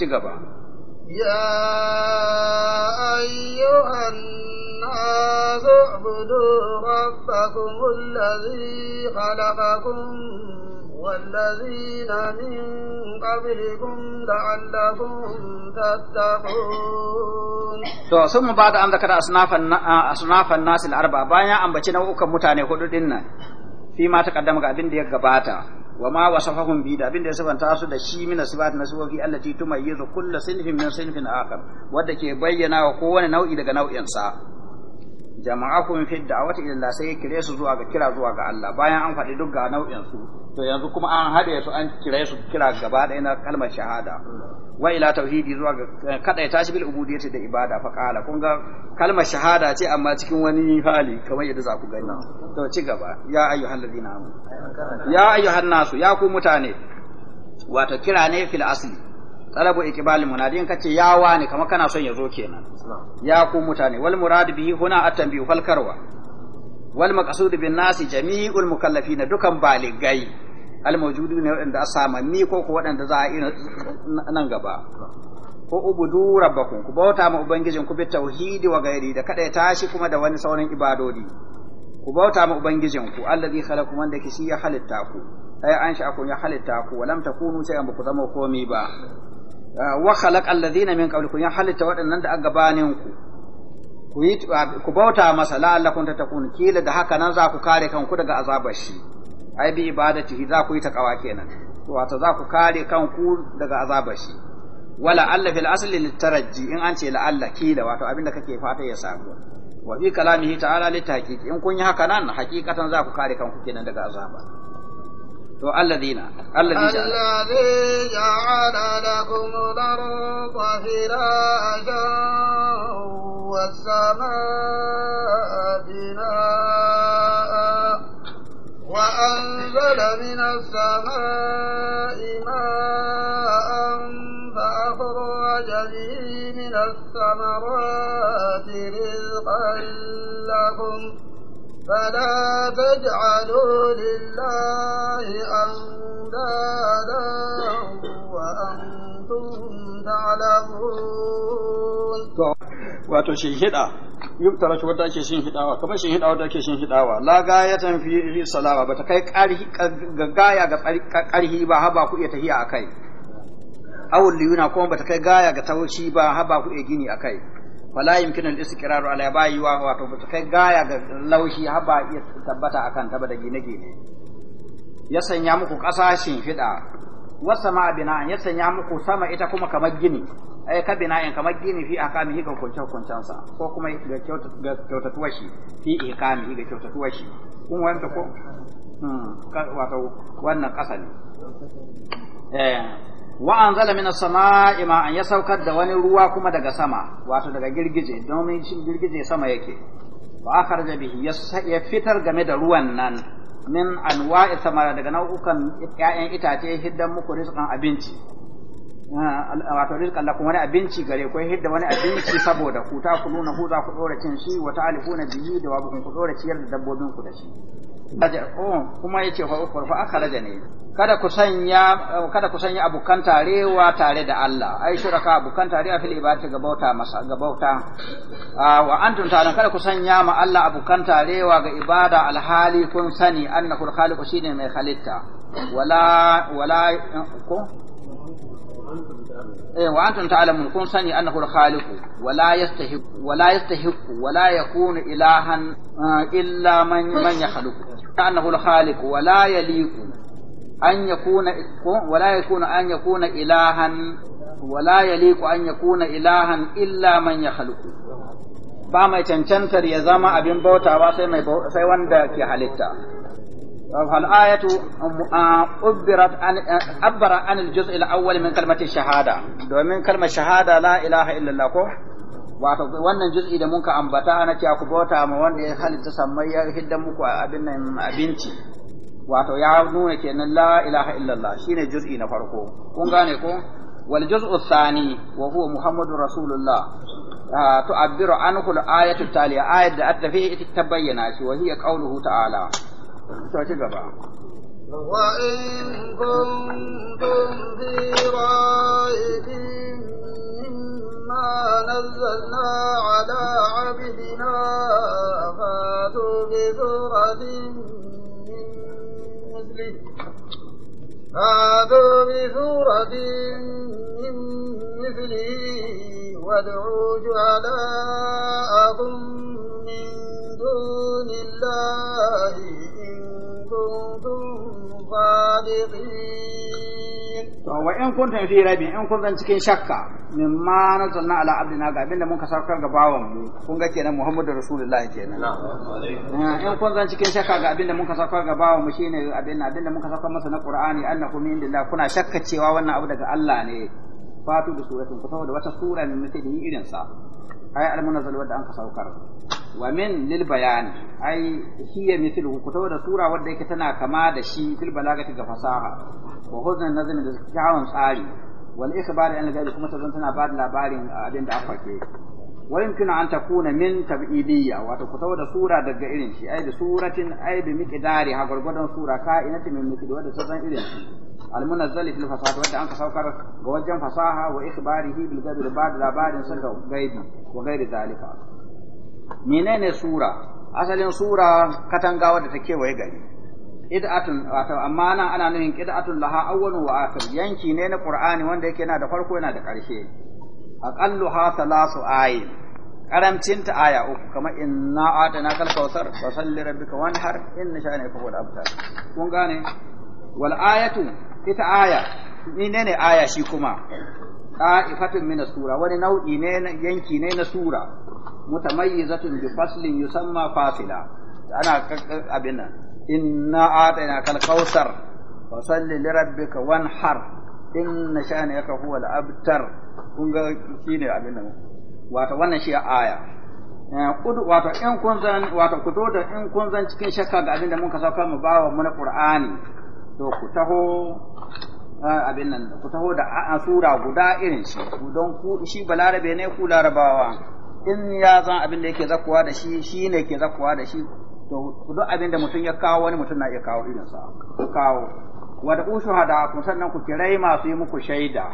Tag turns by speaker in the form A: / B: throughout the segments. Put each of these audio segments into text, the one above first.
A: ci gaba
B: يا أيها الناس اعبدوا ربكم الذي خلقكم والذين من
A: to sun mu bada an zakara asnafan nasil arba bayan ambaci nau'ukan mutane hudu din nan fi ma ta kaddama ga abin da ya gabata wa ma wasafahum bi da da ya sabanta su da shi minasibati, sifat na sifofi allati tumayyizu kullu sinfin min sinfin akhar wanda ke bayyana wa kowane nau'i daga nau'in sa jama'akum fi da'wati ila sai sai kire su zuwa ga kira zuwa ga Allah bayan an faɗi duk ga nau'in su to yanzu kuma an haɗe su an kire su kira gaba ɗaya na kalmar shahada wa ila tauhidi zuwa ga eh, ta shi bil ubudiyyati da ibada fa qala kun ga kalmar shahada ce amma cikin wani hali kamar yadda za ku gani to ci gaba ya ayyuhal ladina amanu ya ayyuhan ya ku mutane wato kira ne fil asli talabu ikibali munadi in kace ya wani kamar kana son ya zo kenan ya ku mutane wal murad bihi huna at fal falkarwa wal maqsud bin nasi jami'ul mukallafina dukan baligai al mawjudu ne waɗanda ni ko ko waɗanda za a yi nan gaba ko ubudu rabbakum ku bauta ma ubangijin ku bi tauhidi wa gairi da kada ya tashi kuma da wani sauran ibadodi ku bauta ma ubangijin ku allazi khalaqukum wanda ke ya halitta ku ai an sha'akum ya halitta ku walam takunu sai an ba ku zama komai ba wa khalaq alladhina min qablikum ya halitta waɗannan da aka gabanin ku ku yi ku bauta masa la'allakum tatakun kila da haka nan za ku kare kanku daga azabar shi ai bi ibadatihi za ku yi takawa kenan wato za ku kare kanku daga azabar shi
B: wala alla fil
A: asli litaraji in an ce la'alla kila wato abinda kake fata ya samu wa fi kalamihi ta'ala litahqiq in kun yi haka nan hakikatan za ku kare kanku kenan daga azabar الذين الذي
B: جعل لكم الأرض فراشا والسماء بناء وأنزل من السماء ماء فأخرج به من الثمرات رزقا لكم فلا تجعلوا لله أندادا وأنتم تعلمون
A: wato shinhiɗa yubtara shi wata ake hidawa kamar hidawa wata ake hidawa la gayatan fi salawa bata kai ga gaya ga karhi ba ba ku iya tahiya akai awul liyuna kuma bata kai gaya ga tauci ba ba ku iya gini akai fala yumkin al istiqrar ala bayi wa wato ba kai gaya ga laushi har ba iya tabbata akan ta ba da gine-gine ya sanya muku ƙasashen fida wa sama bina'an ya sanya muku sama ita kuma kamar gini ay ka bina in kamar gini fi akamihi ga kunce sa ko kuma ga kyautatuwa shi fi ikamihi ga kyautatuwa shi kun wanda ko hmm, wato wannan ƙasa ne eh wa anzala minas sama'i ma ya saukar da wani ruwa kuma daga sama wato daga girgije domin shi girgije sama yake wa da bihi ya fitar game da ruwan nan min anwa'i samara daga nau'ukan 'ya'yan itace hiddan muku rizqan abinci ah, wato rizqan lakum wani abinci gare ku hidda wani abinci saboda ku ta ku nuna ku za ku dora cin shi wa ta'alifuna bihi da wa ku dora ciyar da dabbobin ku da shi Oh, kuma ya ce ukhur fa akhraja ne kada ku sanya kada ku sanya abukan tarewa tare da Allah ai shuraka abukan tarewa fil ibadati ga bauta masa ga bauta wa antum ta'lam kada ku sanya ma Allah abukan tarewa ga ibada alhali kun sani annahu al-khaliqu shine mai halitta wala wala ko ايه وانتم تعلمون kun sani انه الخالق ولا يستحق ولا يستحق ولا يكون الا من من ilahan illa الخالق ولا يليق ان يكون ولا يكون ان يكون an ولا يليق ان يكون الا ilahan يخلق ba mai cancantar ya zama abin bautawa sai sai wanda ke halitta فالآية أبرت عن أبر عن الجزء الأول من كلمة الشهادة من كلمة شهادة لا إله إلا الله wato wannan juz'i da muka ambata na cewa ku bauta ma wanda ya halitta sammai ya hidda muku abin nan abinci wato ya nuna kenan la ilaha illallah shine juz'i na farko kun gane ko wal juz'u thani wa huwa muhammadur rasulullah tu'abbiru anhu al ayatu taliya ayat da attafi ita tabayyana shi wa hiya qawluhu ta'ala ta ci gaba
B: وإن كنتم في مما نزلنا على عبدنا فاتوا بسورة من مثله فاتوا بسورة من مثله وادعوا جعلاءكم من دون الله to
A: wa in kuntum fi rabi in kun zan cikin shakka min mimma nazzalna ala abdina ga abinda mun ka ga bawan mu kun ga kenan muhammadu rasulullahi kenan
B: eh,
A: in kun zan cikin shakka ga abinda mun ka ga bawan mu shine abinda abinda mun ka masa na qur'ani annahu min indillah kuna shakka cewa wannan abu daga Allah ne fatu da suratin ku da wata sura ne mutum irin sa ayi al wadda an ka wa min lil bayan ai hiya mithluhu ku da sura wadda yake tana kama da shi fil balagati ga fasaha wa huzna nazm da kyawun tsari wal ikhbar an ga kuma tazan tana ba da labarin abin da aka ke wa yumkinu an takuna min tab'idiyya wato ku da sura daga irin shi ai da suratin ai bi miqdari ha gurgudan sura ka ta min miqdari wadda tazan irin shi al munazzali fil fasaha wadda an ka saukar ga wajen fasaha wa ikhbarihi bil da ba da labarin sa gaibi wa gairi zalika menene sura asalin sura katangawa da ta kewaye gari id'atun wato amma nan ana nufin id'atun laha awwalu wa akhir yanki ne na qur'ani wanda yake yana da farko yana da ƙarshe ha thalasu ayin karamcin ta aya uku kamar inna atana kal kawsar wa salli rabbika wanhar inna sha'anaka huwal abtar kun gane wal ayatu ita aya ni aya shi kuma ta'ifatin min sura wani nau'i ne yanki ne na sura mutamayyizatun bi faslin yusamma fasila ana abin nan inna atayna kal kausar wa salli li rabbika wanhar inna sha'anaka huwa al-abtar kun ga shine abin nan wato wannan shi aya eh, kudu wato in kun zan wato ku to da in kun zan cikin shakka ga abin da mun ka sauka mu bawa mu na qur'ani to ku taho abin nan ku taho da sura guda irin shi don ku shi balarabe ne ku larabawa in ya zan abin da yake zakuwa da shi shi ne ke zakuwa da shi to duk abin da mutum ya kawo wani mutum na iya kawo irin sa ku kawo wa da ushu hada ku sannan ku kirai masu yi muku shaida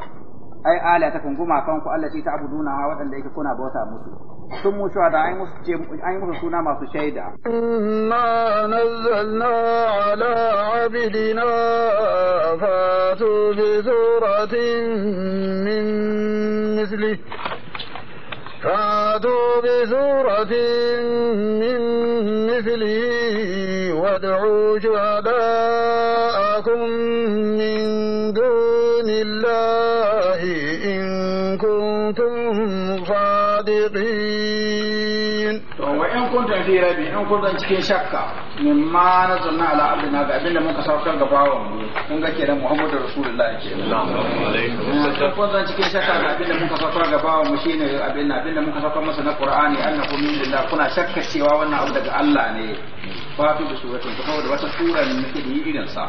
A: ai ala ta kunguma kanku Allah ta abuduna waɗanda yake kuna bauta musu sun mutu da an yi musu suna masu shaida. Inna nazzalna ala abidina
B: fatu bi suratin min misli. فاتوا بسورة من مثله وادعوا شهداءكم من دون الله إن
A: كنتم صادقين fi rabi in kun zan cikin shakka min ma na zanna ala abinda muka saukar ga bawan mu kun ga kenan muhammadu rasulullahi ke kun zan cikin shakka ga abinda muka saukar ga bawan mu shine abinda muka saukar masa na qur'ani annahu min lillah kuna shakka cewa wannan abu daga Allah ne fa fi suratin da wata sura ne nake da yi sa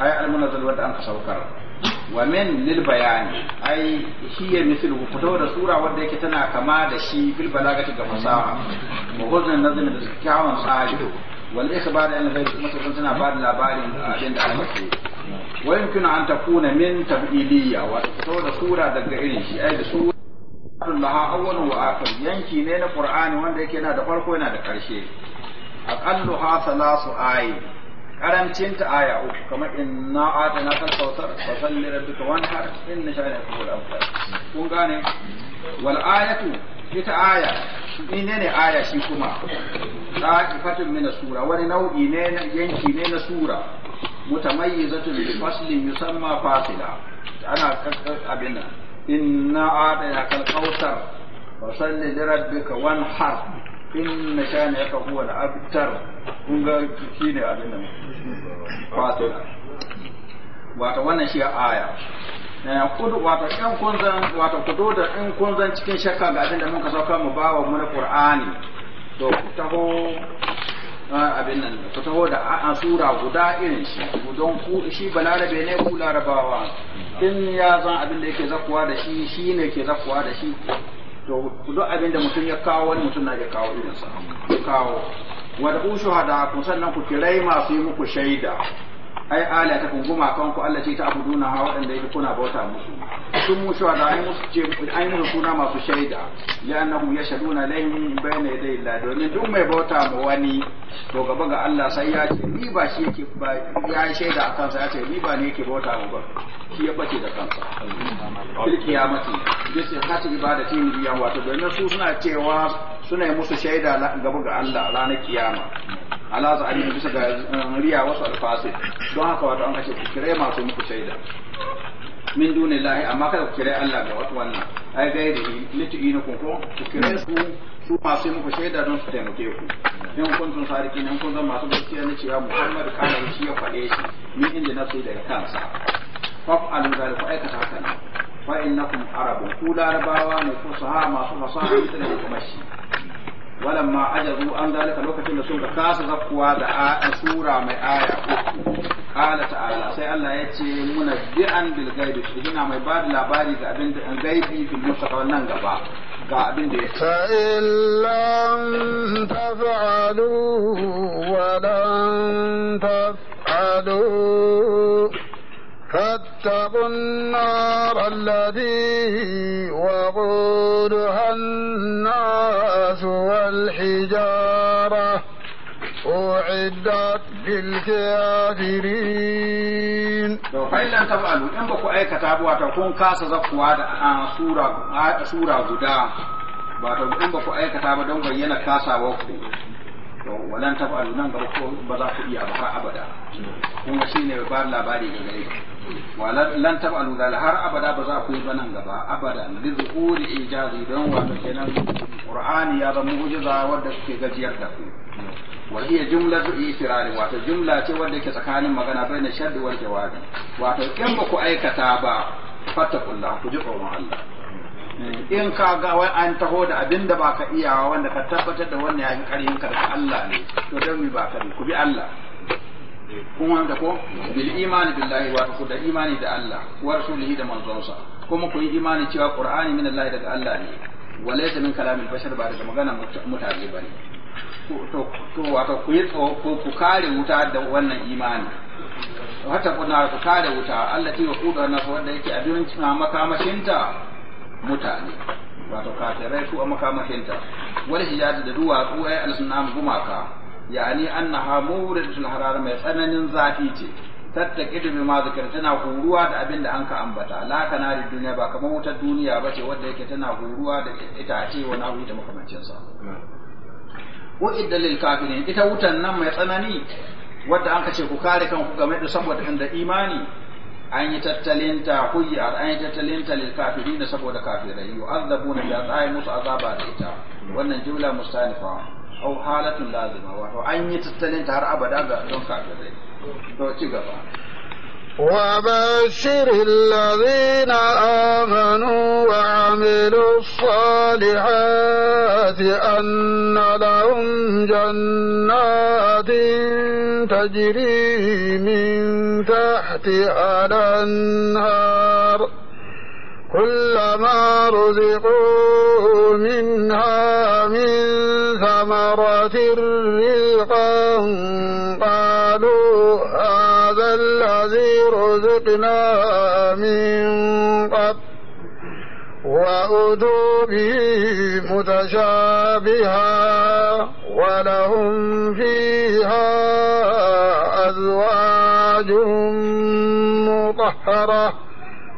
A: ay al-munazzal saukar wa min lil bayani ai shi ya misal ku fito da sura wanda yake tana kama da shi fil balagati ga fasaha mu huzun nazmi da kyawun tsari wal ikhbar an bai kuma sun tana ba da labarin abin da aka ce wa yumkinu an takuna min tab'iliyya wa fito da sura daga irin shi ai da sura laha awwalu wa akhir yanki ne na qur'ani wanda yake yana da farko yana da karshe aqalluha thalasu ayi karamcin ta aya uku kamar inna atana kal kautsar fa salli rabbika wanhar inna sha'anaka huwal abtar kun gane wal ayatu ita aya ne ne aya shi kuma ta'ifatun mina sura wani nau'i ne yanki ne na sura mutamayyizatun bi faslin yusamma fasila ana abin nan inna adana kal kautsar fa salli rabbika wanhar inna shani yaka huwa al-abtar kun ga ne abin da wato Wata wannan shi aya kudu wato in kun zan kudu da in kun zan cikin shakka ga abin da muka sauka mu bawa mu na qur'ani to ku taho abin nan ku taho da a sura guda irin shi don ku shi balarabe ne ku larabawa in ya zan abin da yake zakuwa da shi shi ne ke zakuwa da shi to duk abin da mutum ya kawo wani mutum na ya kawo irinsa kawo wadda ku shuhada ku sannan ku kirai masu yi muku shaida ai ala ta kunguma kan ku Allah ce ta abuduna ha waɗanda yake kuna bauta musu sun mu shuhada ai musu ce ai musu suna masu shaida ya annahu yashaduna lahi bayna yaday Allah domin duk mai bauta ma wani to gaba ga Allah sai ya ce ni ba shi yake ba ya shaida akan kansa ya ce ni ba ne yake bauta mu ba shi ya bace da kansa fil kiyamati bisa hati ibadati biya wato domin su suna cewa suna musu shaida gaba ga Allah ranar kiyama ala za a yi bisa ga eh, riya wasu alfasi don haka wato an kashe ku kire masu muku shaida min duni lahi amma kada ku kire Allah ga wasu wannan ai gairi litiyi na kunko ku kire su su masu muku shaida don su taimake ku in kun tun sariki in kun zan masu gaskiya na cewa muhammadu kana shi ya faɗe shi min inda na so daga kansa fa'alu zalika aikata haka ne fa innakum arabun ku larabawa ne ko saha masu fasaha mutane da kuma shi walamma ajazu an dalika lokacin da sun ga kasa zakkuwa da a sura mai aya kala ta'ala sai Allah ya ce muna bi'an bil gaibi ina mai ba da labari ga abin da an gaibi fil mustaqbal nan gaba ga abin da ya fa in
B: taf'alu wa lan taf'alu فاتقوا النار التي وقودها الناس والحجارة
A: أعدت للكافرين فإن لم تفعلوا إن بكو أي كتاب واتكون كاسة زفوة سورة سورة غدا واتكون إن بكو أي كتاب دون بينا كاسة وقفوا walan tafalu nan gaba ko ba za ku iya ba har abada kun ga shine ba labari ga gare walan tafalu dal har abada ba za ku yi ba nan gaba abada li zuhuri ijazi don wato kenan qur'ani ya ga mu'jiza wadda suke gajiyar da ku wa hiya jumlatu istirari wato jumla ce wadda ke tsakanin magana baina shaddi wal jawabi wato in ba ku aikata ba fatakullahu ku ji tsoron Allah in ka ga wai an taho da abin da ba ka iyawa wanda ka tabbatar da wannan yayin karin ka daga Allah ne to dan mi ba ka ku bi Allah kun wanda ko bil imani billahi wa ku da imani da Allah wa rasulihi da manzonsa kuma ku yi imani cewa qur'ani min Allah daga Allah ne walaysa min kalamil bashar ba daga magana mutane bane to to wato ku yi ko ku kare wuta da wannan imani wata kuna ku kare wuta Allah ya da na wanda yake abin makamashinta mutane wato kafirai su a makamakinta wani hijazi da duwatsu ay al-sunnam gumaka yani annaha da harara mai tsananin zafi ce tattaqidu ma zikir tana huruwa da abin da anka ambata la kana da duniya ba kamar wutar duniya ba ce wanda yake tana huruwa da itace wa nahu da makamancin sa wa kafirin ita wutan nan mai tsanani wadda anka ce ku kare kanku game da saboda inda imani an yi tattalin ta huyya an yi tattalin ta lil kafirin saboda kafirai yu'azzabuna bi azai musu azaba da ita wannan jumla mustanifa au halatun lazima wato an yi tattalin ta har abada ga don kafirai to ci gaba
B: وبشر الذين آمنوا وعملوا الصالحات أن لهم جنات تجري من تحتها الأنهار كلما رزقوا منها من ثمرة رزقا قالوا الذي رزقنا من قبل وأدوا به متشابها ولهم فيها أزواج مطهرة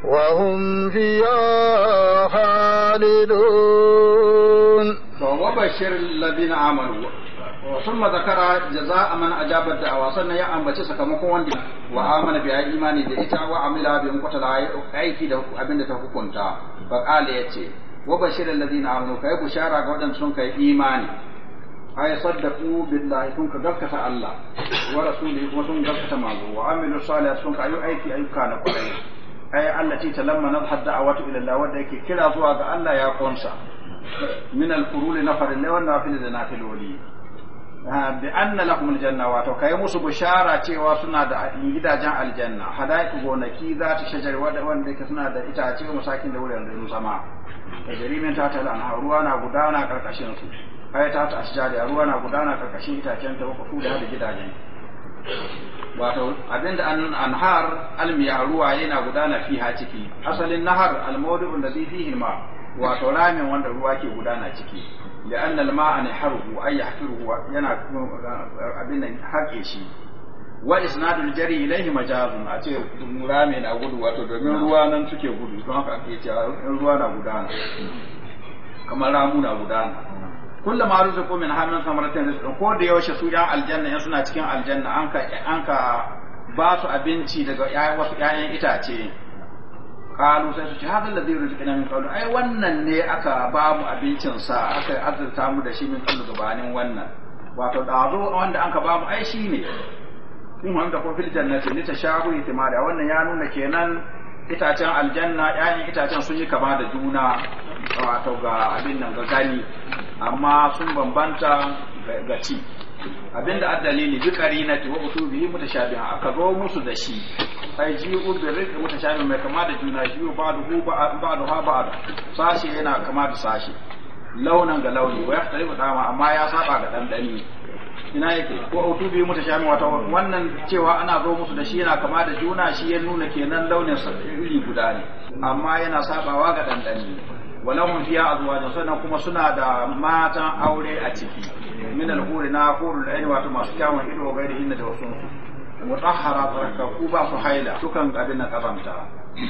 B: وهم فيها
A: خالدون وبشر الذين آمنوا sun zakara jaza man ajabar da'awa sannan ya ambaci sakamakon wanda wa amana bi imani da ita wa amila bi muqtala aiki da abinda ta hukunta fa qala yace wa bashir alladhina amanu kai bushara ga wadanda sun kai imani ay saddaku billahi sun ka gaskata Allah wa rasulihi kuma sun gaskata manzo wa amilu sun ka ayu aiki ayyuka na kwarai ay allati talamma nadhha da'awatu ila Allah wanda yake kira zuwa ga Allah ya konsa min al-furuli nafar lawan nafil da bi anna lahum aljanna wato kai musu bushara cewa suna da gidajen aljanna hadaiku gonaki za ta shajar wanda yake suna da itace sakin da wurin da jarimin ta ta lana ruwa na gudana karkashin su kai ta ta asjari ruwa na gudana karkashin itacen ta ku da da gidajen wato abinda an anhar almiya ruwa yana gudana fiha ciki asalin nahar almawdu'u alladhi fihi ma wato ramin wanda ruwa ke gudana ciki da an nalma a ne haruhu an yi haƙiru yana abin nan haƙe shi wa isnadul jari ilaihi majazun a ce mura mai na gudu wato domin ruwa nan suke gudu don haka ake cewa ruwa na gudana kamar ramu na gudana kulla ma ruzuku min hamin samaratin rizqin ko da yaushe su yan aljanna in suna cikin aljanna an ka an ka ba su abinci daga ƴaƴan wasu ƴaƴan itace kalu sai su ce hada zai rufi min kalu ai wannan ne aka ba mu abincin sa aka azurta mu da shi min kullu gabanin wannan wato dazo wanda anka ba mu ai shi ne kun wanda ko fil jannati ni tashabu itimada wannan ya nuna kenan itacen aljanna 'ya'yan itacen sun yi kama da juna wato ga abin nan ga gani amma sun bambanta ga ci abinda addalili bi qarinati wa usubihi mutashabiha aka zo musu da shi ai ji'u bi rizqi mutashabi mai kama da juna ji'u ba'duhu ba'du ha ba'du sashi yana kama da sashi launan ga launi wa yahtalifu dama amma ya saba ga ɗanɗani. ina yake ko usubi mutashabi wata wannan cewa ana zo musu da shi yana kama da juna shi ya nuna kenan launin sa iri guda ne amma yana sabawa ga dandani mun fiya azwajun sannan kuma suna da matan aure a ciki min al-huri masu kyawun ido gairi hinna da wasu wa tahara barakaku haila sukan abin kazanta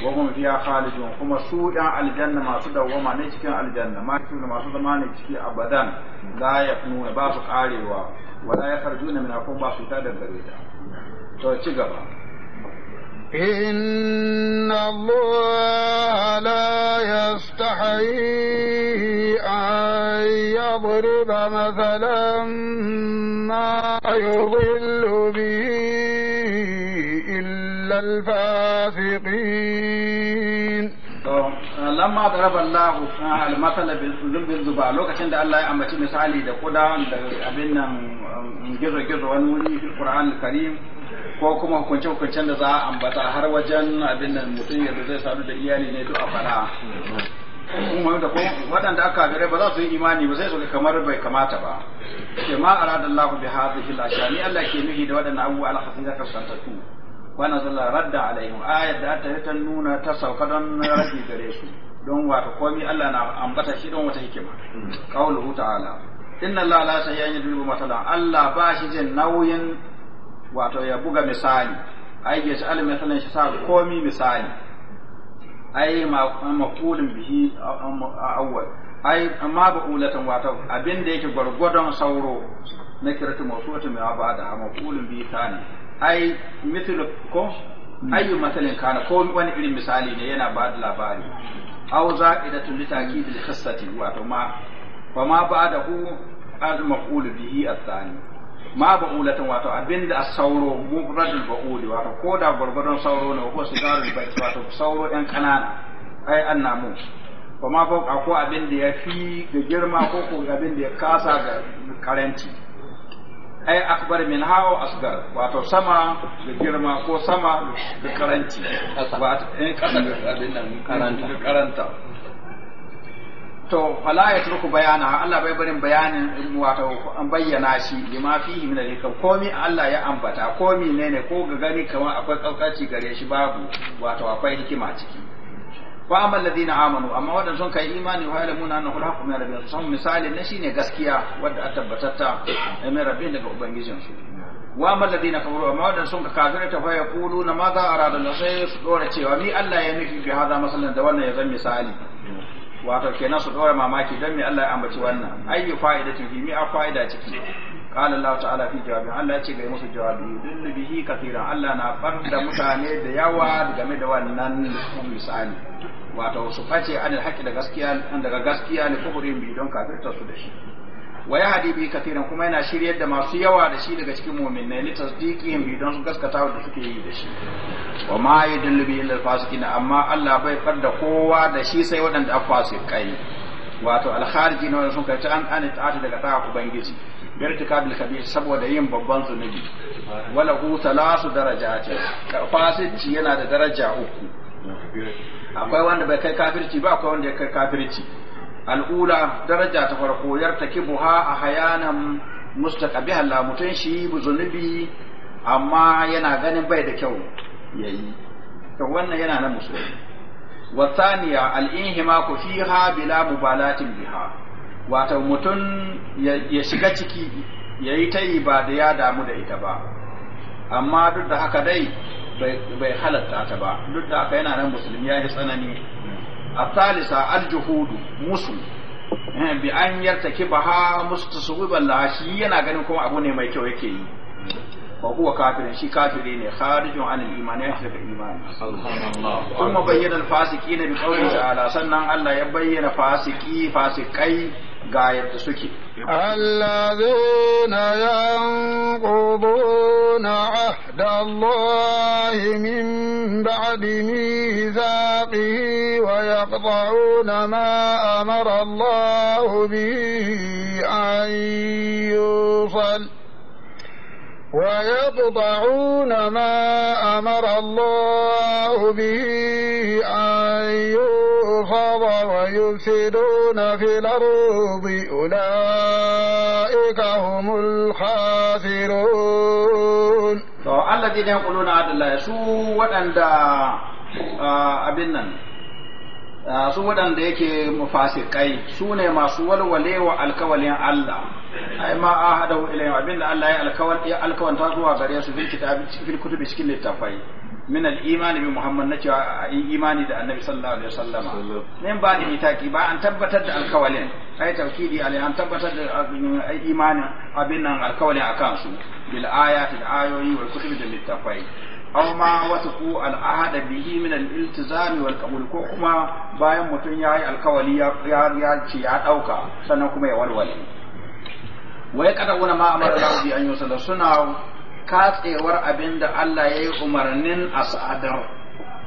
A: wa hum kuma su yan aljanna masu dawwama ne cikin aljanna ma masu zama ne ciki abadan la yafnuna ba karewa wa la yakharjuna min akum ba su ta ci gaba
B: إن الله لا يستحي أن يضرب مثلا ما يضل به إلا
A: الفاسقين لما ضرب الله المثل مثلا بالذنب الذباب لوكاشن ده الله يعمتي مثالي ده كودا ابين نان جيرو جيرو في القران الكريم ko kuma hukunce hukuncen da za a ambata har wajen abin da mutum yadda zai sadu da iyali ne duk a fara kuma da waɗanda aka gare ba za su yi imani ba sai su ga kamar bai kamata ba ke ma aradallahu bi hadhihi al-ashani Allah ke nuhi da waɗannan abubuwa al ta kasantattu wannan zalla radda alaihim ayat da ta ta nuna ta sauka don rabi gare su don wato komi Allah na ambata shi don wata hikima qauluhu ta'ala inna Allah la sayyidu bi matala Allah ba shi jin nauyin wato ya buga misali ai ya sa'al misalan shi sa komi misali ai ma maqulun bihi awwal ai amma ba ulatan wato abin da yake gwargwadon sauro na kiratu mawsuwatu mai abada maqulun bihi tani ai mithlu ko hmm. ayyu masalin kana ko wani irin misali ne yana ba da labari aw za'idatu li ta'kid al wato ma fa ma ba'dahu al-maqul bihi ath-thani ma ba'ulatan wato abinda a sauro mufradul ba'uli wato ko da gwargwadon sauro ne ko sigarul bai wato sauro ɗan ƙanana ai an namu ba ma fauka ko abin da ya fi da girma ko ko abin da ya kasa ga karanci ai akbar min hawo asgar wato sama da girma ko sama da karanci wato ɗan eh, kasa ga abin nan karanta to fala ya turku bayana Allah bai barin bayanin wato an bayyana shi lima fihi min al komi Allah ya ambata komi ne ne ko ga gani kamar akwai kaukaci gare shi babu wato akwai hikima ciki wa amma alladhina amanu amma wadan sun kai imani wa yalamuna annahu al-haqqu min rabbihim sun misali ne shine gaskiya wadda a tabbatatta min rabbin daga ubangijin su wa amma alladhina kafaru amma wadan sun ka kafira ta fa yaquluna ma za arada la sai su dora cewa ni Allah ya nufi bi hada masalan da wannan ya zan misali wato kenan su dora mamaki don me Allah ya ambaci wannan ayyu fa'ida fi mi a fa'ida ciki qala Allah ta'ala fi jawabi Allah ya ce ga musu jawabi dillu bihi Allah na farda mutane da yawa game da wannan misali wato su face anil haqqi da gaskiya daga gaskiya ne kuhurin bi don kafirta su da shi wa yahdi bi kathiran kuma yana shiryar da masu yawa da shi daga cikin mu'minai li tasdiqihim bi don su gaskata da suke yi da shi wa ma yadullu bi illa fasiqin amma Allah bai farda kowa da shi sai waɗanda a fasikai wato al-khariji sun kai an an ta'ata daga ta ubangiji birtikabil kabir saboda yin babban zunubi wala hu thalasu darajati fasici yana da daraja uku akwai wanda bai kai kafirci ba akwai wanda ya kai kafirci al'ula daraja ta farko buha a hayanan mustaqabiha la mutun shi zunubi amma yana ganin bai da kyau yi. to wannan yana na musulmi wa thaniya al-ihma ha bila mubalatin biha wata mutum ya shiga ciki yayi ta yi ba da ya damu da ita ba amma duk da haka dai bai halatta ta ba duk da haka yana nan musulmi ya yi tsanani الثالثة الجهود مسو bi an yartaki baha mustasuwiban la shi yana ganin kuma abu ne mai kyau yake yi fa huwa kafirin shi kafiri ne kharijun an al-iman ya fita imani kuma bayyana al-fasiqina bi qawli ta'ala sannan Allah ya bayyana fasiki fasikai ga yadda suke
B: alladhina yanquduna ahda Allah min ba'di mithaqihi يقطعون ما أمر الله به أن يوصل ويقطعون ما أمر الله به أن يوصل ويفسدون في الأرض أولئك هم الخاسرون
A: الذين يقولون عدل الله يسوع وأنت abin nan Ah, su waɗanda yake mufasikai su ne masu walwale wa alkawalin Allah ai ma abinda Allah ya ya alkawanta zuwa gare su bil kitabi cikin kutubi cikin littafai min al imani bi muhammad nace imani da annabi sallallahu alaihi ba da ba an tabbatar da alkawalin ai tawkidi alai an tabbatar da imani abin nan alkawalin akan su bil ayati da ayoyi kutubi da littafai aw ma wasaqu al ahada bihi min al iltizam wal qabul ko kuma bayan mutum yayi alkawali ya ya ce ya dauka sannan kuma ya walwale wai kada wani ma amara da bi an yusalla suna katsewar abinda Allah yayi umarnin asadar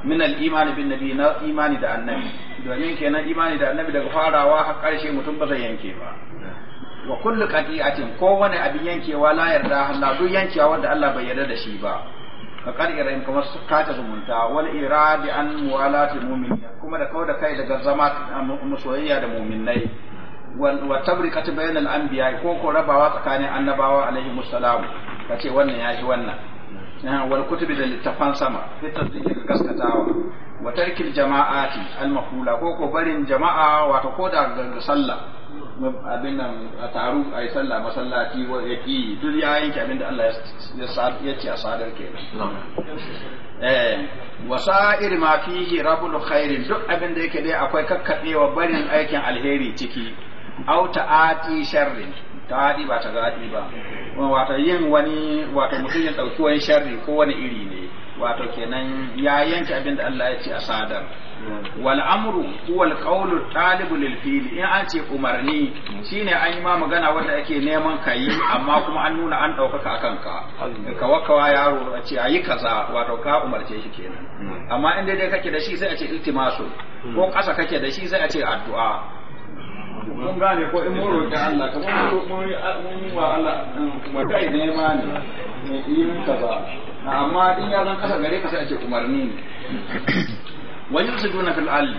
A: min al bin nabi na imani da annabi domin kenan imani da annabi daga farawa har karshe mutum ba zai yanke ba wa kullu qati'atin ko wani abin yankewa la yarda Allah duk yankewa wanda Allah bai yarda da shi ba ka karirayin kamar su kace zumunta wal iradi an muwalati mu'min kuma da kawai da kai daga zama musoyayya da mu'minai wa tabrikat bainal anbiya ko ko rabawa tsakanin annabawa alaihi musallam kace wannan yayi wannan wal kutubi da littafan sama fitar da gaskatawa wa tarkil jama'ati al mahula ko ko barin jama'a wato ko da sallah abin nan a taru a yi sallah masallaci wa ya yi duk ya yanke abin da Allah ya ce a sadar ke eh wa sa'ir ma fihi rabul khair duk abin da yake dai akwai kakkaɗewa barin aikin alheri ciki au ta'ati sharri ta'ati ba ta gadi ba wato yin wani wato mutum ya dauki wani sharri ko wani iri ne wato kenan ya yanke abin da Allah ya ce a sadar wal amru huwa al qawlu talibu lil fil in an ce umarni shine an yi ma magana wanda ake neman kayi amma kuma an nuna an daukaka akan ka ka wakawa yaro a ce ayi kaza wato ka umarce shi kenan amma in dai kake da shi sai a ce iltimasu ko kasa kake da shi sai a ce addu'a mun gane ko in muru roƙi Allah ka mun yi wa Allah um, mun kai nema ne in kaza amma din ya zan kasa gare ka sai a umarni ne wani su juna fil alli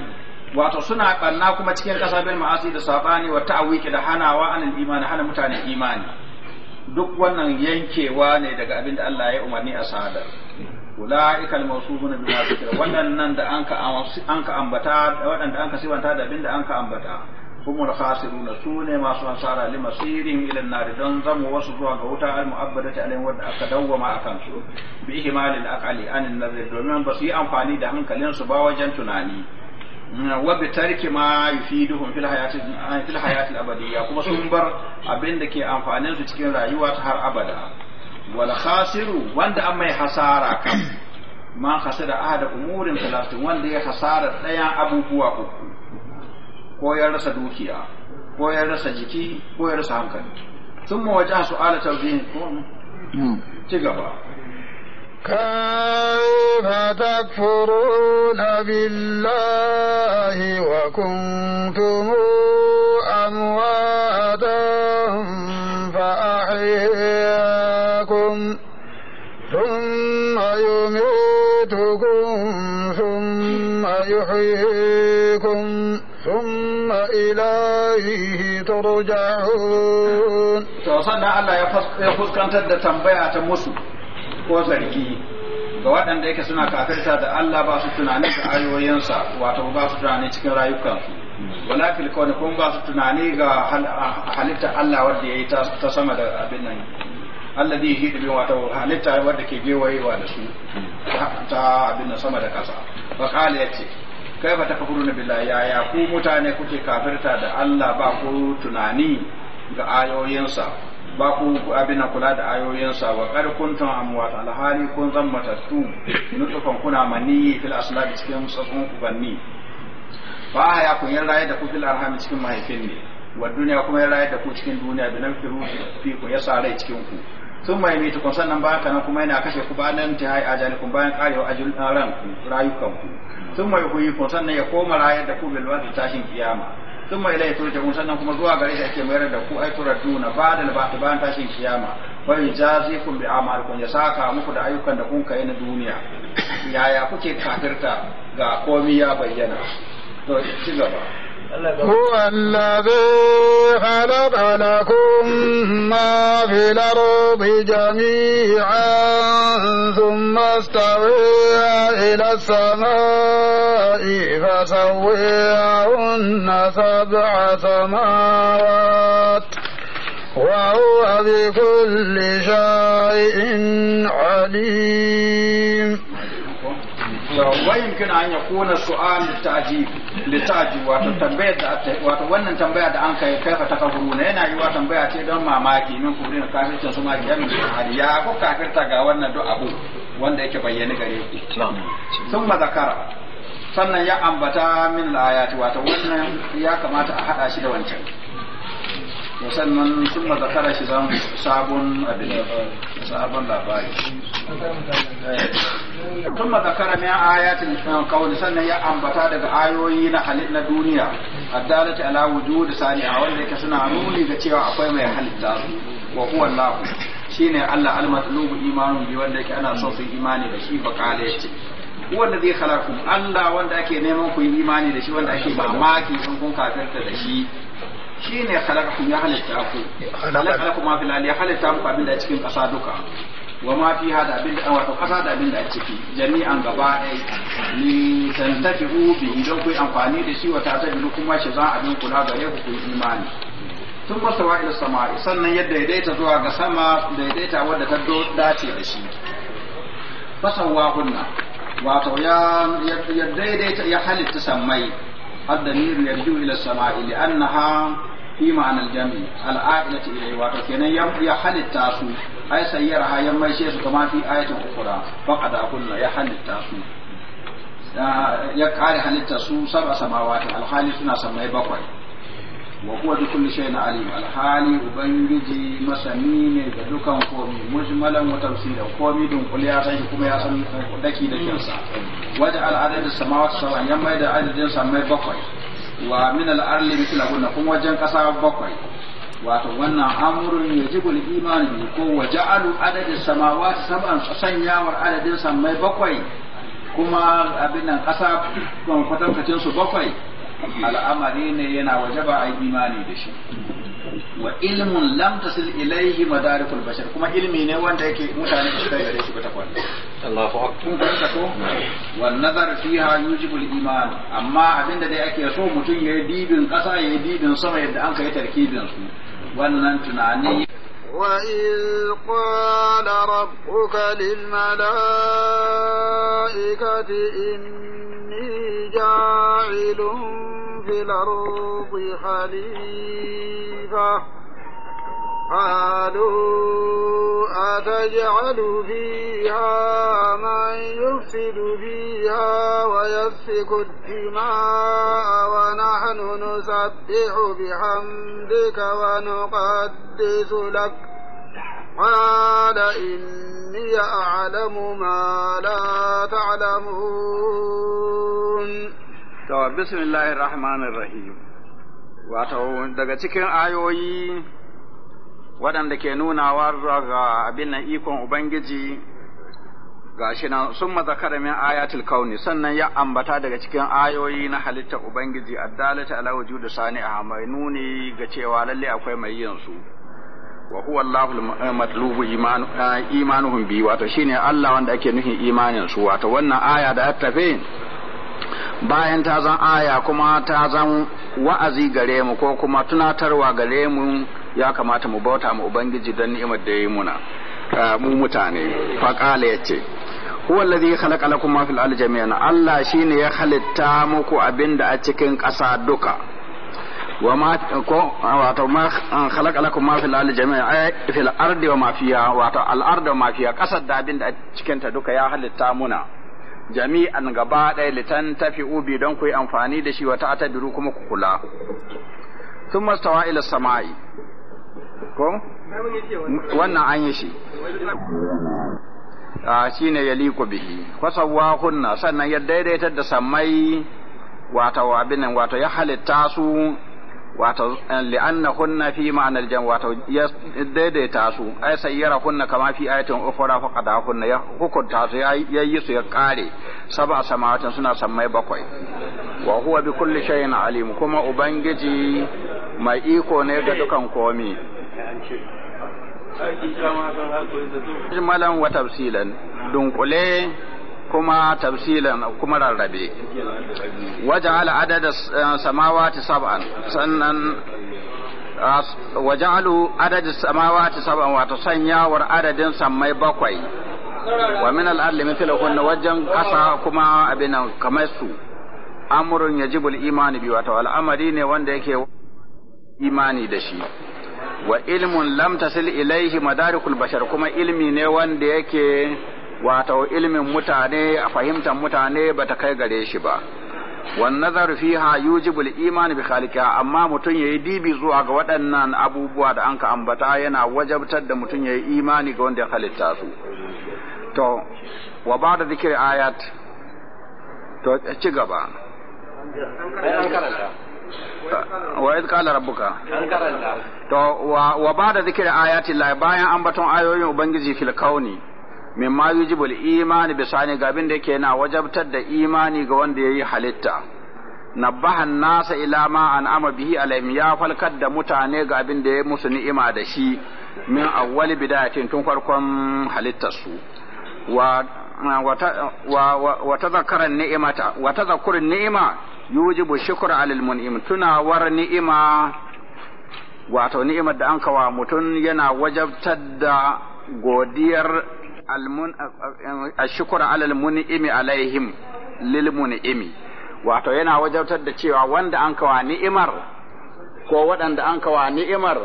A: wato suna banna kuma cikin kasa bil ma'asi da sabani wa ta'awiki da hanawa anil imani hana mutane imani duk wannan yankewa ne daga abin da Allah ya umarni a sadar ulaika mawsuuna bima zikra wannan nan da anka anka ambata waɗanda anka siwanta da abin da anka ambata humul khasirun sune masu hasara li masirihim ila nar dan zamu wasu zuwa ga wuta al mu'abbadati alaihim wanda aka dawwama akan su bi ihmalil aqali an nazar domin ba su yi amfani da hankalin su ba wajen tunani wa bi tarki ma yufiduhum fil hayati fil hayati abadiyya kuma sun bar abin da ke amfanin su cikin rayuwa ta har abada wal khasiru wanda an mai hasara kan ma hasara ahada umurin talatin wanda ya hasara ɗayan abubuwa uku ko ya rasa dukiya ko ya rasa jiki ko ya rasa hankali sun ma wajen su'ala tawbihin ko hmm. ci gaba كيف
B: تكفرون بالله وكنتم أمواتا فأحياكم ثم يميتكم ثم يحييكم Allah
A: ترجعون توصلنا da يفوز كانت تنبيع ko وزرقي ga waɗanda yake suna kafirta da Allah ba su tunani ga ayoyinsa wato ba su tunani cikin rayukansu wala fil kawni kun ba su tunani ga halitta Allah wanda yayi ta sama da abin nan Allah zai yi hidimin wato halitta wanda ke gewayewa da su ta abin nan sama da ƙasa fa qala yace kai ba ta kafuru na billahi yaya ku mutane kuke kafirta da Allah ba ku tunani ga ayoyinsa ba ku abin kula da ayoyinsa wa qad kuntum amwat alhali kun zan matattu nutufan kuna mani fil aslab cikin tsakon ubanni Ba ya kun yin raye da ku fil arham cikin mahaifin ne wa duniya kuma yin raye da ku cikin duniya nan firu fi ku yasa rai cikin ku sun mai mai tukun sannan ba haka nan kuma yana kashe ku ba nan ta hayi ajalikum bayan karewa ajulan ranku rayukanku Tun mai kuyi kun sannan ya koma rayar da ku bil wa'd tashin kiyama sun mai lai turja kun sannan kuma zuwa gare shi ake mayar da ku ai turaduna ba da ba bayan tashin kiyama wa yujazikum bi a'malikum ya saka muku da ayyukan da kuka yi na duniya yaya kuke kafirta ga komai ya bayyana to ci gaba
B: هو الذي خلق لكم ما في الأرض جميعا ثم استوى إلى السماء فسويهن سبع سماوات وهو بكل
A: شيء عليم cewa wa yimkina an yakuna su'al litajib litaji tambaya da wannan tambaya da an kai kai ka ta kafu ne yana yi wa tambaya ce don mamaki min ku rin kafirta su ma kiyan hariya ko kafirta ga wannan do abu wanda yake bayyana gare ku sun ma zakara sannan ya ambata min alayat wa ta wannan ya kamata a haɗa shi da wancan sannan sun ma zakara shi zan mu sabon abin sabon labari sun ma zakara min ayatin kawai sannan ya ambata daga ayoyi na halit na duniya addalati ala wuju wujud sani'a wanda yake suna nuni ga cewa akwai mai halitta wa huwa Allah shine Allah al-matlubu imanu bi wanda yake ana son su imani da shi bakale yace wanda zai khalakum Allah wanda ake neman ku yi imani da shi wanda ake mamaki sun kun kafirta da shi shi ne khalaqakum ya halitta ku khalaqakum ma fil ya halitta muku abin da cikin ƙasa duka wa ma fi hada abin da wato ƙasa da abin da ciki jami'an gaba ɗaya ni tantafi'u bi idan ku amfani da shi wa ta'tabiru kuma shi za a abin kula gare ku ku imani tun masawa ila sama'i sannan yadda ya daita zuwa ga sama da ya daita wadda ta dace da shi fasan wa fasawahunna wato ya ya daidaita ya halitta sammai الضمير يرجع إلى السماء لأنها fi ma'anar jami al'a'ila ce ilai wato kenan ya halitta su ai sayyar ha ya maishe su kama fi ayatin ukura a kunna ya halitta su ya kare halitta su sab'a samawati alhali suna samai bakwai wa huwa bi kulli shay'in alim alhali ubangiji masani ne da dukan komi mujmalan wa tafsiran komi dun kulli ya san kuma ya san daki da kinsa waja al'adad samawati sawa ya mai da adadin samai bakwai wa min al-arli mithlahunna kun wajen kasa bakwai wato wannan amrun yajibu al-iman bi ko waja'alu adadin samawati sab'an sanyawar adadin samai bakwai kuma abin nan kasa kwatankacin su bakwai al'amari ne yana wajaba a imani da shi wa ilmun lam tasil ilaihi madarikul bashar kuma ilmi ne wanda yake mutane su kai gare shi ta kwallo Allahu akbar kun ka ko wa nazar fiha yujibu iman amma abinda dai ake so mutum yayi dibin kasa yayi dibin sama yadda an kai tarkibin su wannan tunani وإذ
B: قال ربك للملائكة إني جاعل في الأرض خليفة قالوا أتجعل فيها من يفسد فيها ويسفك الدماء ونحن نسبح بحمدك ونقدس لك قال إني أعلم ما لا تعلمون
A: بسم الله الرحمن الرحيم wato daga cikin ayoyi waɗanda ke nunawa ga abin nan ikon Ubangiji shi nan sun mazakara min ayatul kauni sannan ya ambata daga cikin ayoyi na halitta Ubangiji addalata ala wujudu sani'a mai nuni ga cewa lalle akwai mai yin su wa huwa Allahul eh, matlubu eh, imanuhum bi wato shine Allah wanda ake nufin imanin su wannan aya da ta tafe bayan ta zan aya kuma ta zan wa'azi gare mu ko kuma tunatarwa gare mu ya kamata mu bauta mu ubangiji don ni'imar da ya yi muna mu mutane faƙala ya ce huwa alladhi khalaqa lakum ma fil ardi jami'an Allah shine ya halitta muku abinda a cikin ƙasa duka wa ma ko wato ma khalaqa lakum ma fil ardi jami'an fil ardi wa ma fiha wato al ardi wa ma fiha ƙasar da abinda a cikin ta duka ya halitta muna jami'an gaba ɗaya litan tafi ubi don ku yi amfani da shi wa ta'ata biru kuma ku kula thumma stawa ila samai ko wannan an yi shi a ah, shi ne ya liko bihi kwasawa hunna sannan ya daidaita da sammai wata abinan wata ya halitta su wato eh, li'anna hunna fi ma'anar jan wato ya daidaita su ai sayyara hunna kama fi ayatin ukhra fa qada hunna ya hukunta su ya yi su ya kare saba samawatin suna sammai bakwai wa huwa bi kulli shay'in alim kuma ubangiji mai iko ne ga dukan komai Malam wa tafsilan dunkule kuma tafsilan kuma rarrabe ala adada eh, samawati saba'an sannan ah, alu adada samawati saba'an wato sanyawar adadin sammai bakwai wa min al-ardi mithluhun wajen kasa kuma abin kamar su amurin yajibu al-imani biyu wato al'amari ne wanda yake imani da shi wa ilmun lam tasil ilaihi madarikul bashar kuma ilmi ne wanda yake wato ilmin mutane a fahimtar mutane ba ta kai gare shi ba wan nazar fiha yujibul iman bi khaliqa amma mutum yayi dibi zuwa ga waɗannan abubuwa da anka ambata yana wajabtar da mutum yayi imani ga wanda ya halitta su to wa bada zikri ayat to ci gaba wa iz qala rabbuka to wa ba'da zikri ayati llahi bayan ambaton ayoyin ubangiji fil kauni Min ma yujibul imani bi sani gabin da yake na wajabtar da imani ga wanda yayi halitta nabbahan nasa ila ma ama bihi alaihim ya falkar da mutane ga abin da ya musu ni'ima da shi min awwali bidayatin tun farkon halittar su wa wa wa tazakkaran ni'imata wa tazakkurin ni'ima yujibu shukr alal mun'im tunawar ni'ima wato ni'imar da an kawa mutum yana wajabtar da godiyar ashukura alal mun'imi alaihim lil mun'imi wato yana wajabtar da cewa wanda an kawa ni'imar ko waɗanda an kawa ni'imar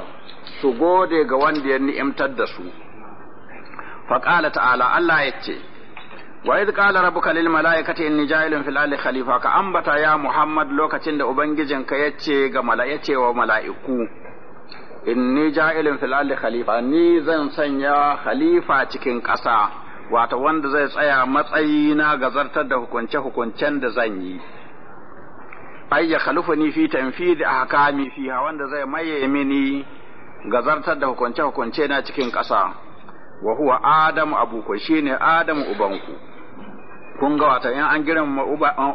A: su gode ga wanda ya ni'imtar da su faqala ta'ala Allah ya ce wa idh qala rabbuka lil malaikati inni ja'ilun fil ardi khalifa ka ambata ya muhammad lokacin da ubangijin ka yace ga mala'ice wa mala'iku inni ja'ilun fil ardi khalifa ni zan sanya khalifa cikin ƙasa wato wanda zai tsaya matsayina na gazartar da hukunce hukuncen da zan yi ay ya khalifani fi tanfid ahkami fiha wanda zai maye mini gazartar da hukunce hukunce na cikin ƙasa wa huwa adamu abuku shine adamu ubanku kun ga wata in an girmama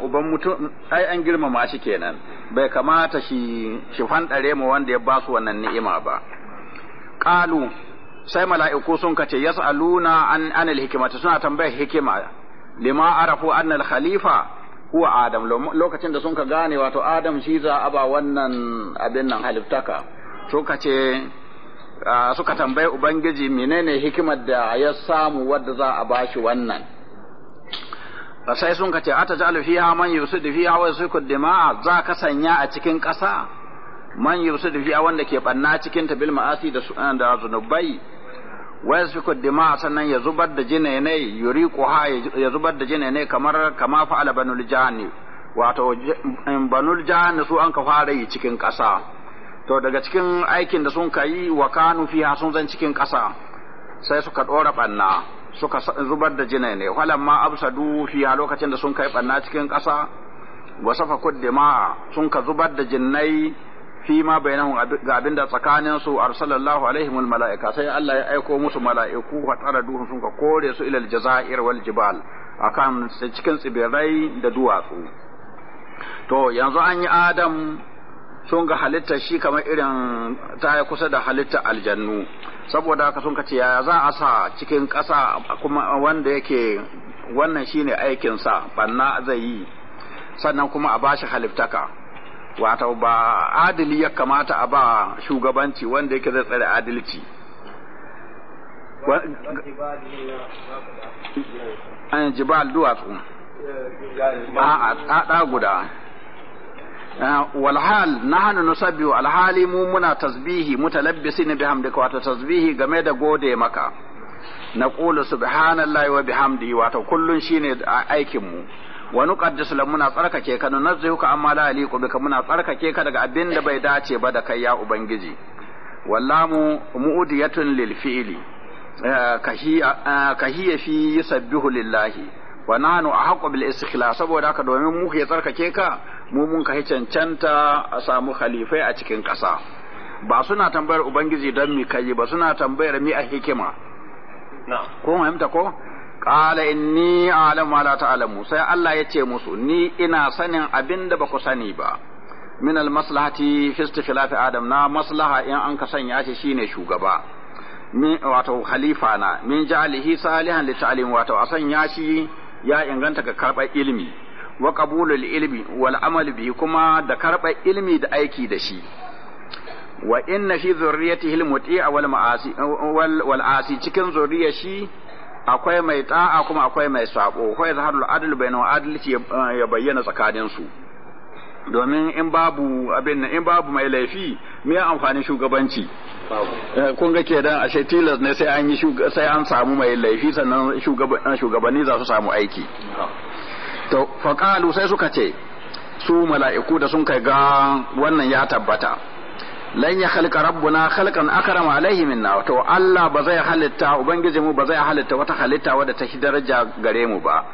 A: uban mutum ai an girmama shi kenan bai kamata shi shi fandare mu wanda ya ba su wannan ni'ima ba qalu sai mala'iku sun kace yas'aluna an anil hikimata suna tambayar hikima lima arafu anna al khalifa huwa adam lokacin da sun ka gane wato adam shi za a ba wannan abin nan haliftaka suka ce suka tambayi ubangiji menene hikimar da ya samu wadda za a bashi wannan sai sun kace ata ja'alu fiha man yusidu fiha wa yusiku dima'a za ka sanya a cikin ƙasa man yusidu fiha wanda ke banna cikin ta bil ma'asi da da zunubai wa yusiku dima'a sannan ya zubar da jinene yuriqu ha ya zubar da jinene kamar kama fa'ala banul jani wato banul jani su an ka fara yi cikin ƙasa to daga cikin aikin da sun kai wa kanu fiha sun zan cikin ƙasa sai suka dora banna suka zubar da jinai ne ma absadu a lokacin da sun kai banna cikin ƙasa wa safa kuddima sun ka zubar da jinnai fi ma bainahum ga abin da tsakanin su arsalallahu alaihim mala'ika sai Allah ya aiko musu mala'iku wa taradu sun ka kore su ilal jazair wal jibal akan cikin tsibirai da duwatsu to yanzu an yi adam sun ga halitta shi kamar irin ta yi kusa da halitta aljannu saboda haka sun kace yaya za a sa cikin ƙasa kuma wanda yake wannan shine aikinsa banna zai yi sannan kuma a bashi halittaka wato ba adili ya kamata a ba shugabanci wanda yake zai tsare adalci an eh, jibal duwatsu a ɗa guda Ah, walhal na nahnu nusabbihu alhali mu muna tasbihi mutalabbisin bihamdika wato tasbihi game da gode maka na ƙulu subhanallahi wa bihamdihi wato kullun shine aikin mu wa nuqaddis la muna tsarkake ka nunazzihuka amma la yaliqu bika muna tsarkake ka daga abin da bai dace ba da kai ya ubangiji wallamu mu'udiyatun lil fi'li ah, kahiya ah, fi yusabbihu lillahi wa nanu ahqqu bil istikhlas saboda haka domin mu ke tsarkake ka mu mun kai cancanta a samu khalifai a cikin ƙasa ba suna tambayar ubangiji don mi kai ba suna tambayar mi a hikima ko fahimta ko qala inni ma la ta'lamu sai Allah ya ce musu ni ina sanin abin da ku sani ba min al maslahati fi istikhlafi adam na maslaha in an ka sanya shi shine shugaba min wato khalifa na min ja'alihi salihan li ta'lim wato a sanya shi ya inganta ga karɓar ilimi wa qabulul ilmi wal amal bi kuma da karɓar ilmi da aiki da shi wa inna fi zurriyatihi al muti'a wal ma'asi wal asi cikin zurriyar shi akwai mai ta'a kuma akwai mai sabo ko yazharul adl bainahu adalci ya bayyana tsakanin su domin in babu abin nan in babu mai laifi me amfani shugabanci eh, kun ga ke dan ashe tilas ne sai an yi sai an samu mai laifi sannan shugabanni za su samu aiki to faƙalu sai suka ce su mala'iku da sun kai ga wannan ya tabbata lan ya halka rabbuna halkan akrama alaihi minna to Allah ba zai halitta mu ba zai halitta wata halitta wadda ta daraja gare mu ba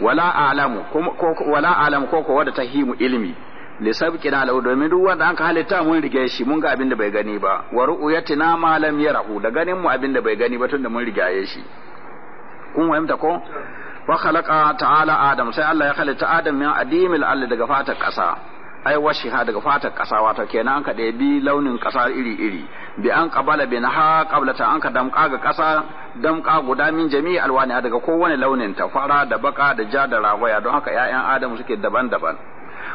A: wala alamu ko wala alamu ko wadda ta himu ilmi li sabqina domin duk wanda an halitta mun rige shi mun ga abinda bai gani ba wa ru'yatina ma lam yarahu da ganin mu abinda bai gani ba tunda mun rigaye shi kun fahimta ko wa khalaqa ta'ala adam sai Allah ya halitta adam min adimil alli daga fatar ƙasa ai washiha daga fatar ƙasa wato kenan an ka bi launin ƙasa iri iri bi an qabala bi ha qablata an ka damƙa ga ƙasa damƙa guda min jami'i alwani daga kowane launin ta fara da baka da ja da rawaya don haka ƴaƴan adam suke daban-daban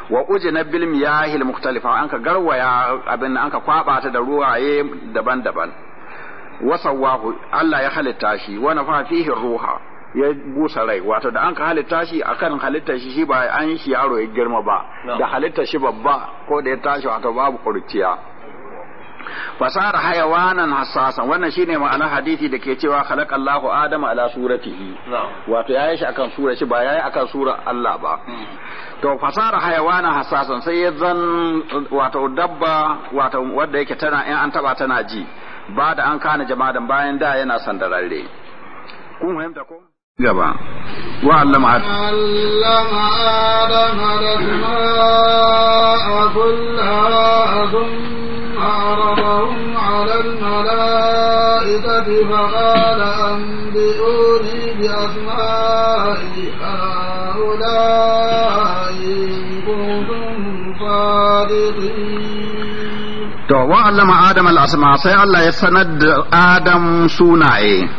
A: wa bilmi bil miyahil mukhtalifa an ka garwaya abin an ka kwaba ta da ruwaye daban-daban wasawahu Allah ya halitta shi wa nafa fihi ruha ya busa rai wato da an ka halitta shi akan halitta shi shi ba an shi yaro ya girma ba da halitta shi babba ko da ya tashi wato babu kurciya fasara hayawanan hassasan wannan shine ma'ana hadisi da ke cewa khalaqa Allahu Adama ala suratihi wato yayi shi akan sura shi ba yayi akan sura Allah ba mm. to fasara hayawanan hassasan sai ya zan wato dabba wato wanda yake tana in an taba tana ji ba da an kana jama'an bayan da yana sandararre
B: kun fahimta ko
A: جبا وعلم علم آدم
B: الأسماء كلها ثم عرضهم على الملائكة فقال أنبئوني بأسماء هؤلاء إن كنتم
A: صادقين. وعلم آدم الأسماء سيعلى يسند آدم سونائي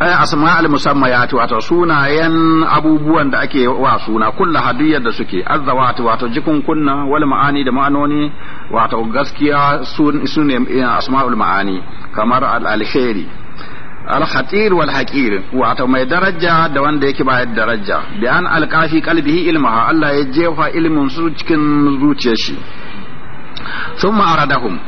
A: asma al musammayati wato sunayen abubuwan da ake wa suna kullu hadiyyar da suke azzawati wato jikun kunna wal ma'ani da ma'anoni wato gaskiya sune eh, asma'ul ma'ani kamar al alkhairi al khatir wal haqir wato mai daraja da wanda yake bayar daraja bi an kafi qalbihi ilmaha Allah ya jefa ilmin su cikin zuciyar shi thumma aradahum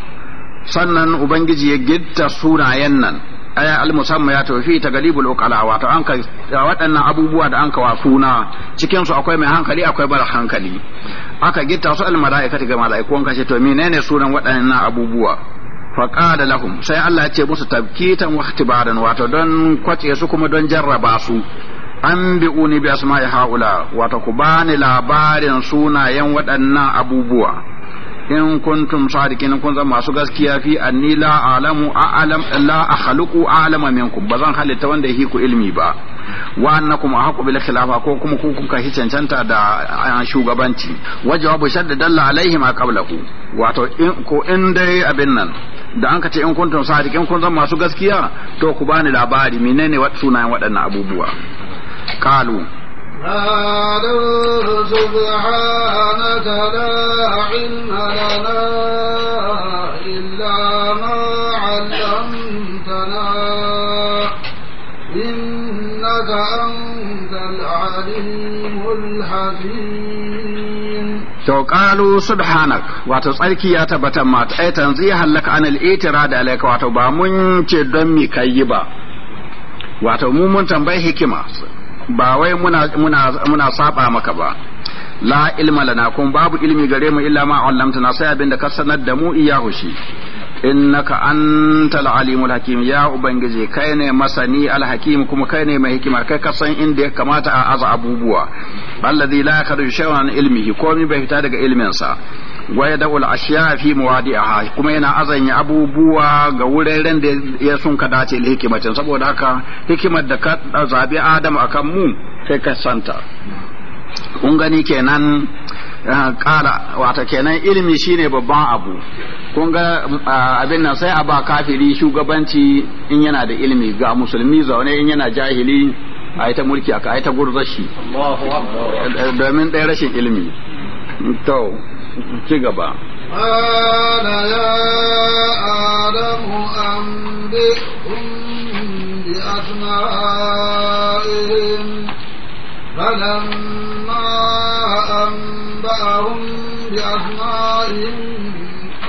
A: sannan ubangiji ya gitta sunayen nan aya al-musamma ya tawfi ta galibul uqala wato an ka waɗannan abubuwa da an wa suna cikin su akwai mai hankali akwai bar hankali aka gita su al-mala'ikati ga mala'iku an kace to menene sunan waɗannan abubuwa fa qala lahum sai Allah ya ce musu tabkitan wa wa wato don kwace su kuma don jarraba su an bi uni bi asma'i haula wato ku bani labarin sunayen waɗannan abubuwa in kuntum sadikin kun zama masu gaskiya fi anni la alamu a'lam la akhluqu a'lama minkum bazan halitta wanda yake ku ilmi ba wa annakum ahqu bil khilafa ko kuma ku kuka hi cancanta da shugabanci wa jawabu shaddadalla alaihi ma qablahu wato in ko in dai abin nan da an kace in kuntum sadikin kun zama masu gaskiya to ku bani labari menene wat sunayen waɗannan abubuwa kalu
B: قالوا سبحانك لا علم
A: to qalu subhanak wato tsarki ya tabbatar ma ai tanzihan lak anil da, alayka wato ba mun ce don mi kai ba wato mu mun tambayi hikima ba wai muna muna saba maka ba la ilma lana kun babu ilmi gare mu illa ma allamtana sai abin da ka sanar da mu iyahu shi innaka antal alimul hakim ya ubangiji kai ne masani alhakim kuma kai ne mai hikima kai ka san inda ya kamata a aza abubuwa alladhi la yakadu shay'an ilmihi komai bai fita daga ilminsa wa ya da'ul ashiya fi muwadi'aha kuma yana azanya abubuwa ga wuraren da ya sun ka dace da hikimatin saboda haka hikimar da ka zabi adam akan mu sai ka santa kun gani kenan eh, ƙara wata kenan ilimi shine babban abu kun ga abin nan sai a ba kafiri shugabanci in yana da ilimi ga musulmi zaune in yana jahili a ita mulki aka a ita gurzashi eh, eh, domin ɗaya rashin ilimi to ci gaba
B: قال يا آدم أنبئهم بأسمائهم فلما أنبأهم بأسمائهم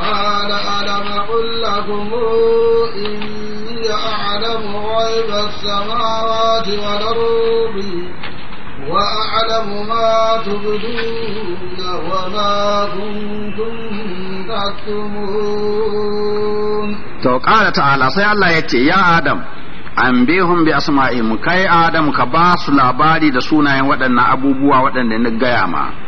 B: قال ألم أقل لكم إني أعلم غيب السماوات والأرض وأعلم ما تبدون to كنتم
A: ta'ala sai Allah ya ce ya Adam an bihun bi asma'im kai adam ka ba su labari da sunayen waɗannan abubuwa waɗanda na gaya ma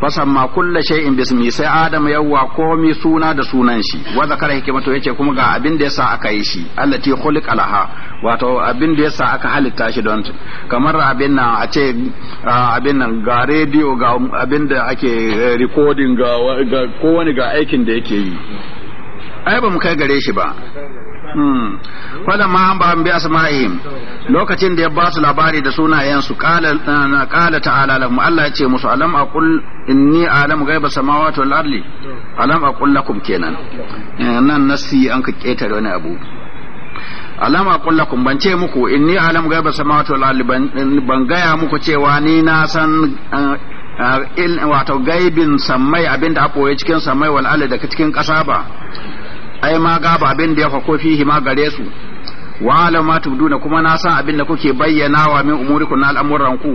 A: fasamma kulla shay'in bismi sai adam yawwa komi suna da sunan shi wa zakara hikimatu yace kuma ga abin da yasa aka yi shi allati khuliqa laha wato abin da yasa aka halitta shi don kamar abin nan a ce abin nan ga radio ga abin da ake eh, recording ga kowane ga aikin da yake yi ai ba mu kai gare shi ba wala hmm. ma an ba an bi asma'ihim lokacin da ya ba su labari da sunayen su qala qala ta'ala lahum Allah ya ce musu alam aqul inni alamu ghaiba samawati wal ardi alam aqul lakum kenan eh, nan nasi an ka ketare wani abu alam aqul lakum ban ce muku inni alamu ghaiba samawati wal ardi ban gaya muku cewa ni na san eh, wato gaibin samai abinda a cikin samai wal ardi daga cikin kasa ba ai ma ga abin da ya fako fihi ma gare su wa alama tubduna kuma na san abin da kuke bayyana wa min umuriku na al'amuran ku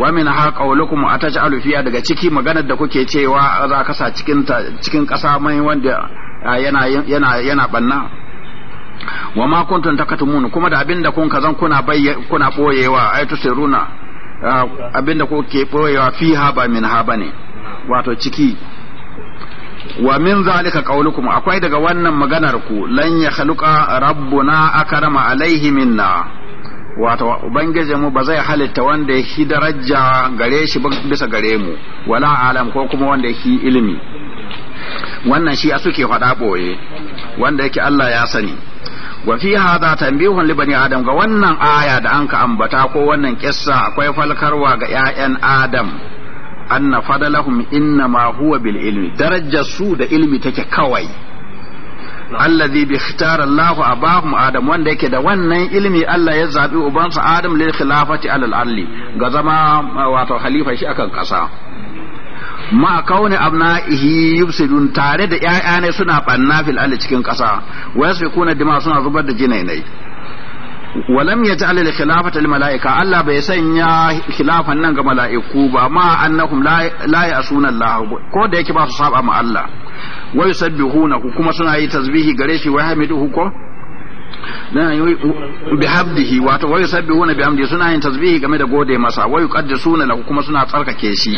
A: wa min ha qawlukum ataj'alu fiha daga ciki maganar da kuke cewa za ka sa cikin cikin kasa mai wanda yana yana yana banna wa ma kuntum takatumun kuma da abin da kun kazan kuna bayyana kuna boyewa ai tusiruna abin da kuke boyewa fiha ba min ha bane wato ciki wa min zalika qaulukum akwai daga wannan maganar ku lan ya khaluqa rabbuna akrama alaihi minna wato ubangije mu ba zai halitta wanda ya shi daraja gare shi bisa gare mu wala alam ko kuma wanda ya shi ilimi wannan shi a suke faɗa ɓoye wanda yake Allah ya sani wa fi hadha tanbihun li bani adam ga wannan aya da anka ambata ko wannan kissa akwai falkarwa ga ƴaƴan adam anna fadalahum inna ma huwa bil ilmi darajar su da ilmi take kawai allazi bi ikhtara Allahu abahum Adam wanda yake da wannan ilmi Allah ya zabi ubansa Adam lil khilafati alal arli ga zama wato khalifa shi akan kasa ma kauni abna'ihi yufsidun tare da ƴaƴa ne suna banna fil cikin kasa wa yasfikuna dima suna zubar da jinainai walam yaj'al al khilafata lil malaika Allah bai sanya khilafan nan ga malaiku ba ma annahum la ya'suna Allah ko da yake ba su saba ma Allah wai wa ku kuma suna yi tasbihi gare shi wa hamiduhu ko bihabdihi wato wa bi bihamdihi suna yin tasbihi game da gode masa wa yuqaddisuna ku kuma suna tsarkake shi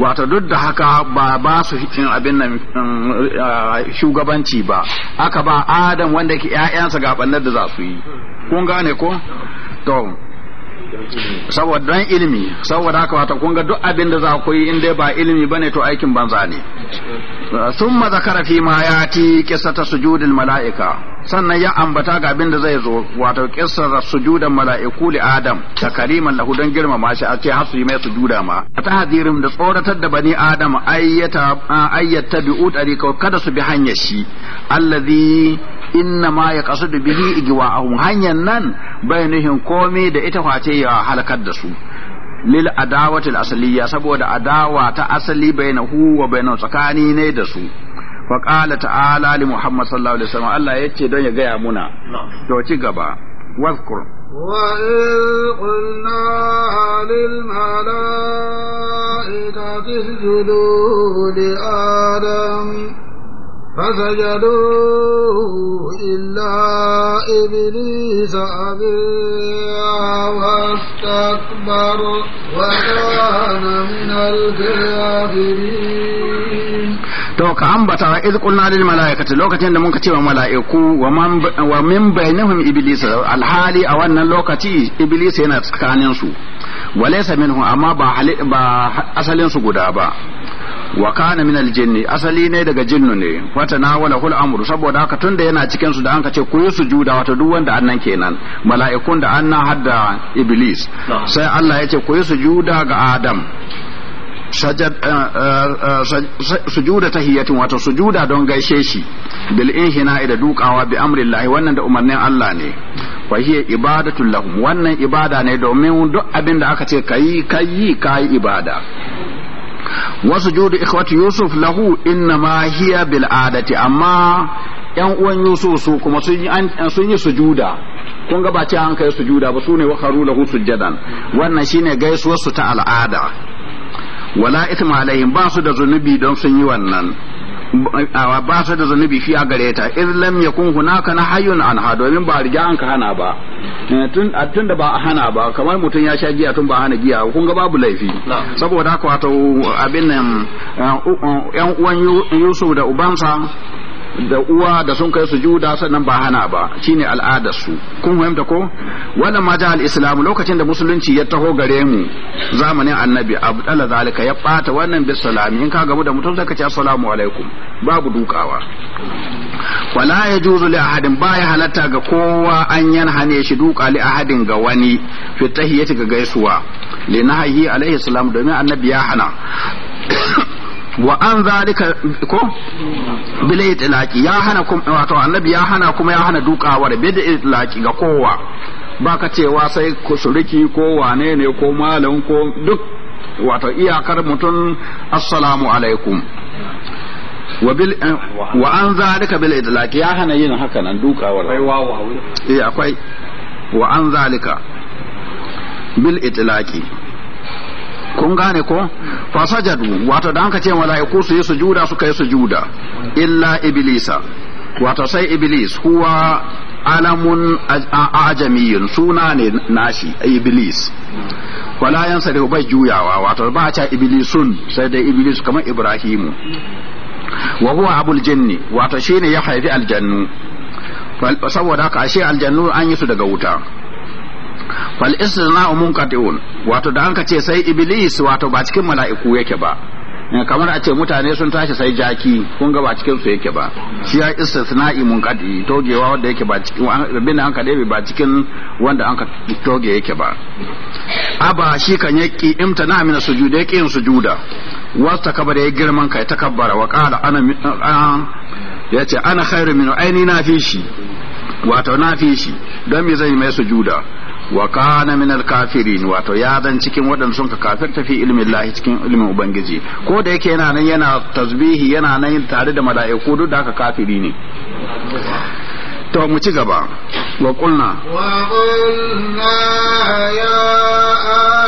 A: wato duk da haka ba ba su cikin abin nan um, uh, shugabanci ba aka ba adam wanda ke ƴaƴansa ga bannar da za su yi kun gane ko to saboda dan ilimi saboda haka wata kun ga duk abin da za ku yi in dai ba ilimi bane to aikin banza ne sun zakara fi ma ya kisata sujudil mala'ika sannan ya ambata ga abin da zai zo wato kissar sujudan mala'iku li adam takariman lahu don girmama shi a ce har su yi mai sujuda ma a hadirin da tsoratar da bani adam ayyata ayyata bi'u tariqa kada su bi hanyar shi allazi inna ma ya kasudu bihi igiwa ahun hanyar nan bai nuhin komai da ita face ya halakar da su lil adawatil asaliya saboda adawa ta asali bainahu wa bainu tsakani ne da su fa qala ta'ala li muhammad sallallahu alaihi wasallam Allah yace don ya gaya muna to ci gaba wazkur
B: wa qulna lil malaikati isjudu li adam فسجدوا إلا إبليس أبى واستكبر وكان من الكافرين
A: to ka ambata wa iz qulna lil malaikati lokacin da mun ka ce wa mala'iku wa min bainahum iblis al a wannan lokaci iblis yana tsakanin su walaysa minhu amma ba ba asalin su guda ba wa kana min al jinni asali ne daga jinnu ne wata na wala hul amru saboda haka tunda yana cikin su da an ka ce ku yi sujuda wato duk wanda annan kenan mala'ikun da anna hadda iblis sai Allah ya ce ku yi sujuda ga adam Eh, eh, sujuda tahiyatin wato sujuda don gaishe shi bil inhina da dukawa bi amrillahi wannan da umarnin Allah ne wa hiya ibadatu lahum wannan ibada ne domin duk abin da aka ce kayi kayi kayi ibada wa sujudu ikhwati yusuf lahu inna mahiya hiya bil adati amma yan uwan yusuf su kuma sun yi sujuda kun ga ba ce an kai sujuda ba su ne wa kharu lahu sujadan wannan shine gaisuwar su ta al'ada wala ithma alaihim ba su da zunubi don sun yi wannan ba su da zunubi fi a gare ta iz lam yakun hunaka an anha domin ba riga an ka hana ba eh, tun tun da ba a hana ba kamar mutum ya sha giya tun ba hana giya kun ga babu laifi saboda haka wato abin nan eh, eh, yan uwan Yusuf da ubansa da uwa da sun kai sujuda sannan ba hana ba shine al'adar su kun fahimta ko wannan ma jahal islam lokacin da musulunci ya taho gare mu zamanin annabi abdalla zalika ya bata wannan bi salami in ka gamu da mutum zaka ce assalamu alaikum babu dukawa wala yajuzu li ahadin baya halatta ga kowa an yanhane shi duka li ahadin ga wani fi ga gaisuwa li nahyi alaihi salam domin annabi ya hana wa an zalika ko bila itlaqi ya hana kum wato annabi ya hana kuma ya hana dukawar bil itlaqi ga kowa baka cewa sai ko shuriki ko wane ne ko malam ko duk wato iyakar mutum assalamu alaikum wa bil eh, wa an zalika bila itlaqi ya hana yin haka nan dukawar akwai eh akwai wa an zalika bil itlaqi kun gane ko fasajadu wato da ka ce mala'iku su yi sujuda suka yi sujuda illa iblisa wato sai iblis huwa alamun ajamiyin suna ne nashi iblis wala yansa da bai juyawa wato ba ta iblisun sai dai iblis kamar ibrahimu wa huwa abul jinni wato shine ya haifi aljannu saboda haka ashe aljannu an yi su daga wuta fal istisna'u munqati'un wato da an ka ce sai iblis wato ba cikin mala'iku yake ba eh, kamar a ce mutane sun tashi sai jaki kun ga ba cikin su yake ba shi ya istisna'i munqati togewa wanda yake ba cikin bin an ka dabe ba cikin wanda an ka toge yake ba aba shi kan yaki imtana min sujuda yake yin sujuda wasta kabar ya girman kai takabbara wa qala ana yace ana khairu min aini na fi shi wato na fi shi don me zai mai sujuda wa kana min al-kafirin wato ya dan cikin waɗansu sun ka kafirta fi ilmin lahi cikin ilmin ubangiji ko da yake yana nan yana tasbihi yana nan tare da mala'iku duk da ka kafiri ne to mu ci gaba wa qulna wa qulna ya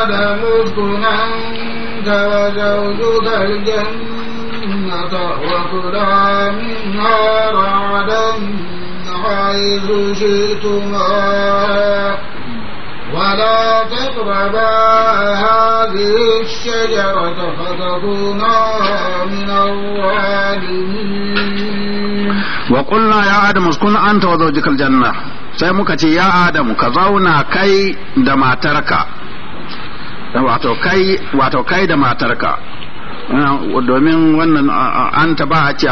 B: adamu kun anta wa zawjuka al-jannata wa kula minha ra'adan حيث شئتما ولا تقربا هذه الشجرة فتكونا من
A: الظالمين وقلنا يا آدم اسكن أنت وزوجك الجنة sai muka ce ya adamu ka zauna kai da matarka wato kai wato kai da matarka domin wannan an ta ba a ce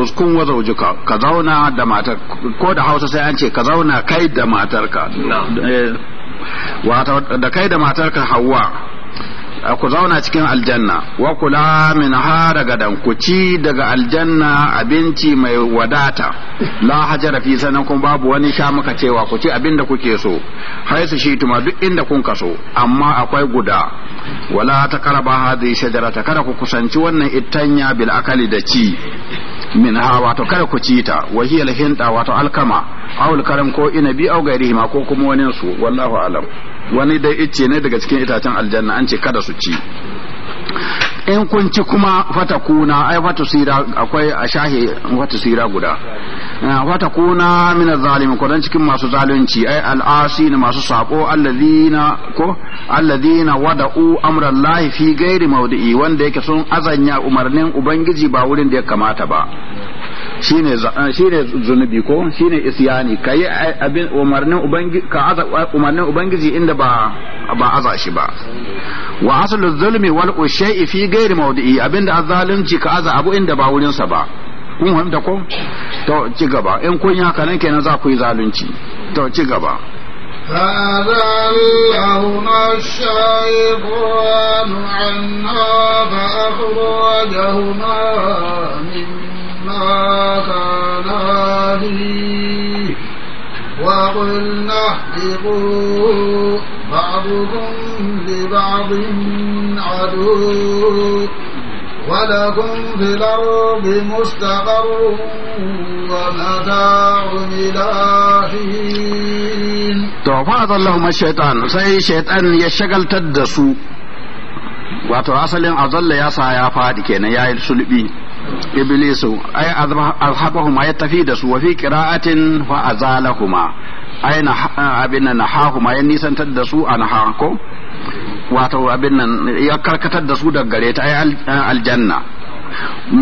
A: uskun wazo jika ka zauna da matar ko da hausa sai an ce ka zauna kai da matarka da kai da matarka hawa ku zauna cikin aljanna wa kula min ha daga dankuci daga aljanna abinci mai wadata la hajara fi sanan kun babu wani sha muka cewa ku ci abin da kuke so haisu shi tuma duk inda kun kaso amma akwai guda wala ta karaba hadhi shajarata kada ku kusanci wannan ittanya bil akali da ci min ha wato kada ku ci ta wa hiya wato alkama awul karam ko ina inabi au ma ko kuma wani su wallahu alam wani dai ice ne daga cikin itacen aljanna an ce kada su ci in kun ci kuma fata kuna ai fata sira akwai a shahi fata sira guda ah, fata kuna min zalimin ko dan cikin masu zalunci ai al'asi masu sako alladhina ko alladhina wada'u amrallahi fi ghairi mawdi'i wanda yake sun azanya umarnin ubangiji ba wurin da ya kamata ba shine ah, shine zunubi ko shine isyani kai abin umarnin ubangiji ka aza umarnin ubangiji inda ba ba aza shi ba wa aslu zulmi wal ushai fi ghairi mawdi'i abinda azzalunci ka aza abu inda ba wurin sa ba kun fahimta ko to ci gaba in kun yi nan kenan za ku yi zalunci to ci gaba
B: هذا اللون الشيطان عنا فأخرجهما مما كانا فيه وقلنا اهبطوا بعضهم لبعض عدو ولكم في الأرض مستقر ومتاع إلى حين
A: to fa zallahum shaitan sai shaitan ya shagaltar da su wato asalin azalla ya sa ya fadi kenan ya yi sulbi iblisu ay azhabahuma ya tafi da su wa fi qira'atin fa azalahuma aina abin nan hahu ma nisan nisantar da su na ko wato abin nan ya karkatar da su daga gare ta ai aljanna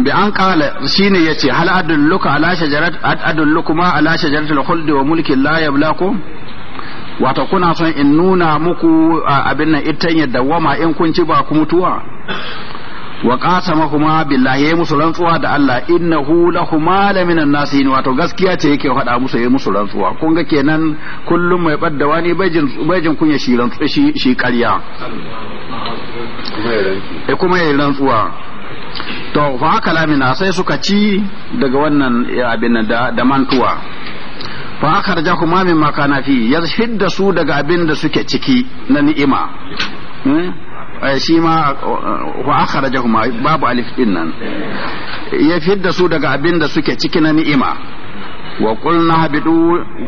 A: bi an kala shine yace hal adulluka ala shajarat adullukum ala shajaratil khuld wa mulkin la yablaku wato kuna son in nuna muku abin nan itan yadda wama in kun ci ba ku mutuwa wa kuma billahi yayi musu rantsuwa da Allah innahu lahuma la minan nasi wato gaskiya ce yake hada musu yayi musu rantsuwa kun ga kenan kullum mai badda wani bajin bajin kunya shi rantsuwa shi shi ƙarya e kuma yayi rantsuwa to fa haka lamina sai suka ci daga wannan eh, abin da da mantuwa fa kuma min kana fi yashidda su daga abin da suke ciki na ni'ima hmm? Eh, shi ma eh, wa akhrajahuma babu alif din nan ya fidda su daga abin da suke ciki na ni'ima wa qulna bidu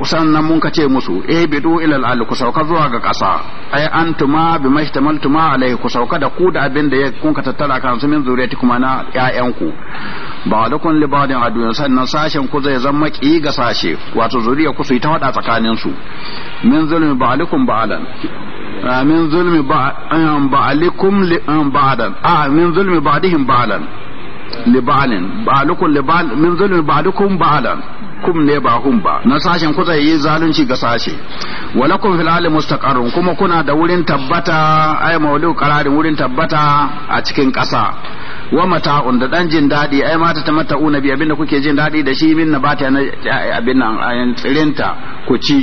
A: sannan mun kace musu eh bidu ila al ku sauka zuwa ga kasa ai antuma bi mahtamaltuma alayhi ku sauka da ku da abin da kun ka tattara kan su min zuriyati kuma na ku ba da kun ba'din aduna sannan sashen ku zai zama ki ga sashe wato zuriya ku su yi ta hada tsakanin su min zulmi ba'alikum ba'alan من ظلم min ظلم بعضهم ba'lan li ba'lin ba'lukum من ظلم بعضكم zulmi kum ne ba hun ba na sashen kusa yi zalunci ga sashe walakum fil alim mustaqarrun kuma kuna da wurin tabbata ay maulu qararin wurin tabbata a cikin ƙasa wa mata'un da dan jin dadi ai mata ta mata'una bi abinda kuke jin dadi da shi min bata na abin nan tsirinta ku ci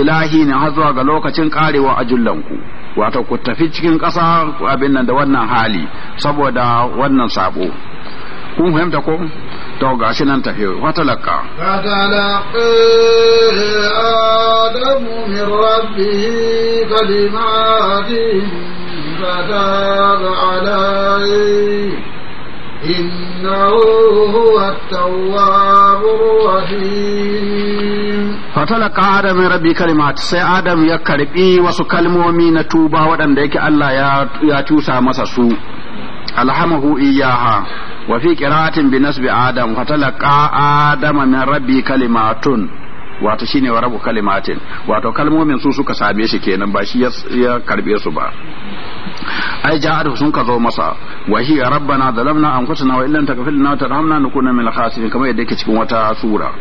A: ilahi ne har zuwa ga lokacin karewa a jullanku wato ku tafi cikin ƙasa abin nan da wannan hali saboda wannan sabo kun fahimta ko to gashi nan tafi wata lakka
B: adamu إنه هو التواب الرحيم
A: fatalaka adam sai adam ya karbi wasu kalmomi na tuba waɗanda yake Allah ya cusa masa su alhamahu iyaha wa fi kiratin bi nasbi adam fatalaka adama min rabi kalimatun wato shine wa rabu kalimatin wato kalmomin su suka same shi kenan ba shi ya karbe su ba ai ja'ar sun ka zo masa wa hiya rabbana zalamna anfusana wa illam taghfir lana wa tarhamna nakuna min al-khasirin kamar yadda yake cikin wata sura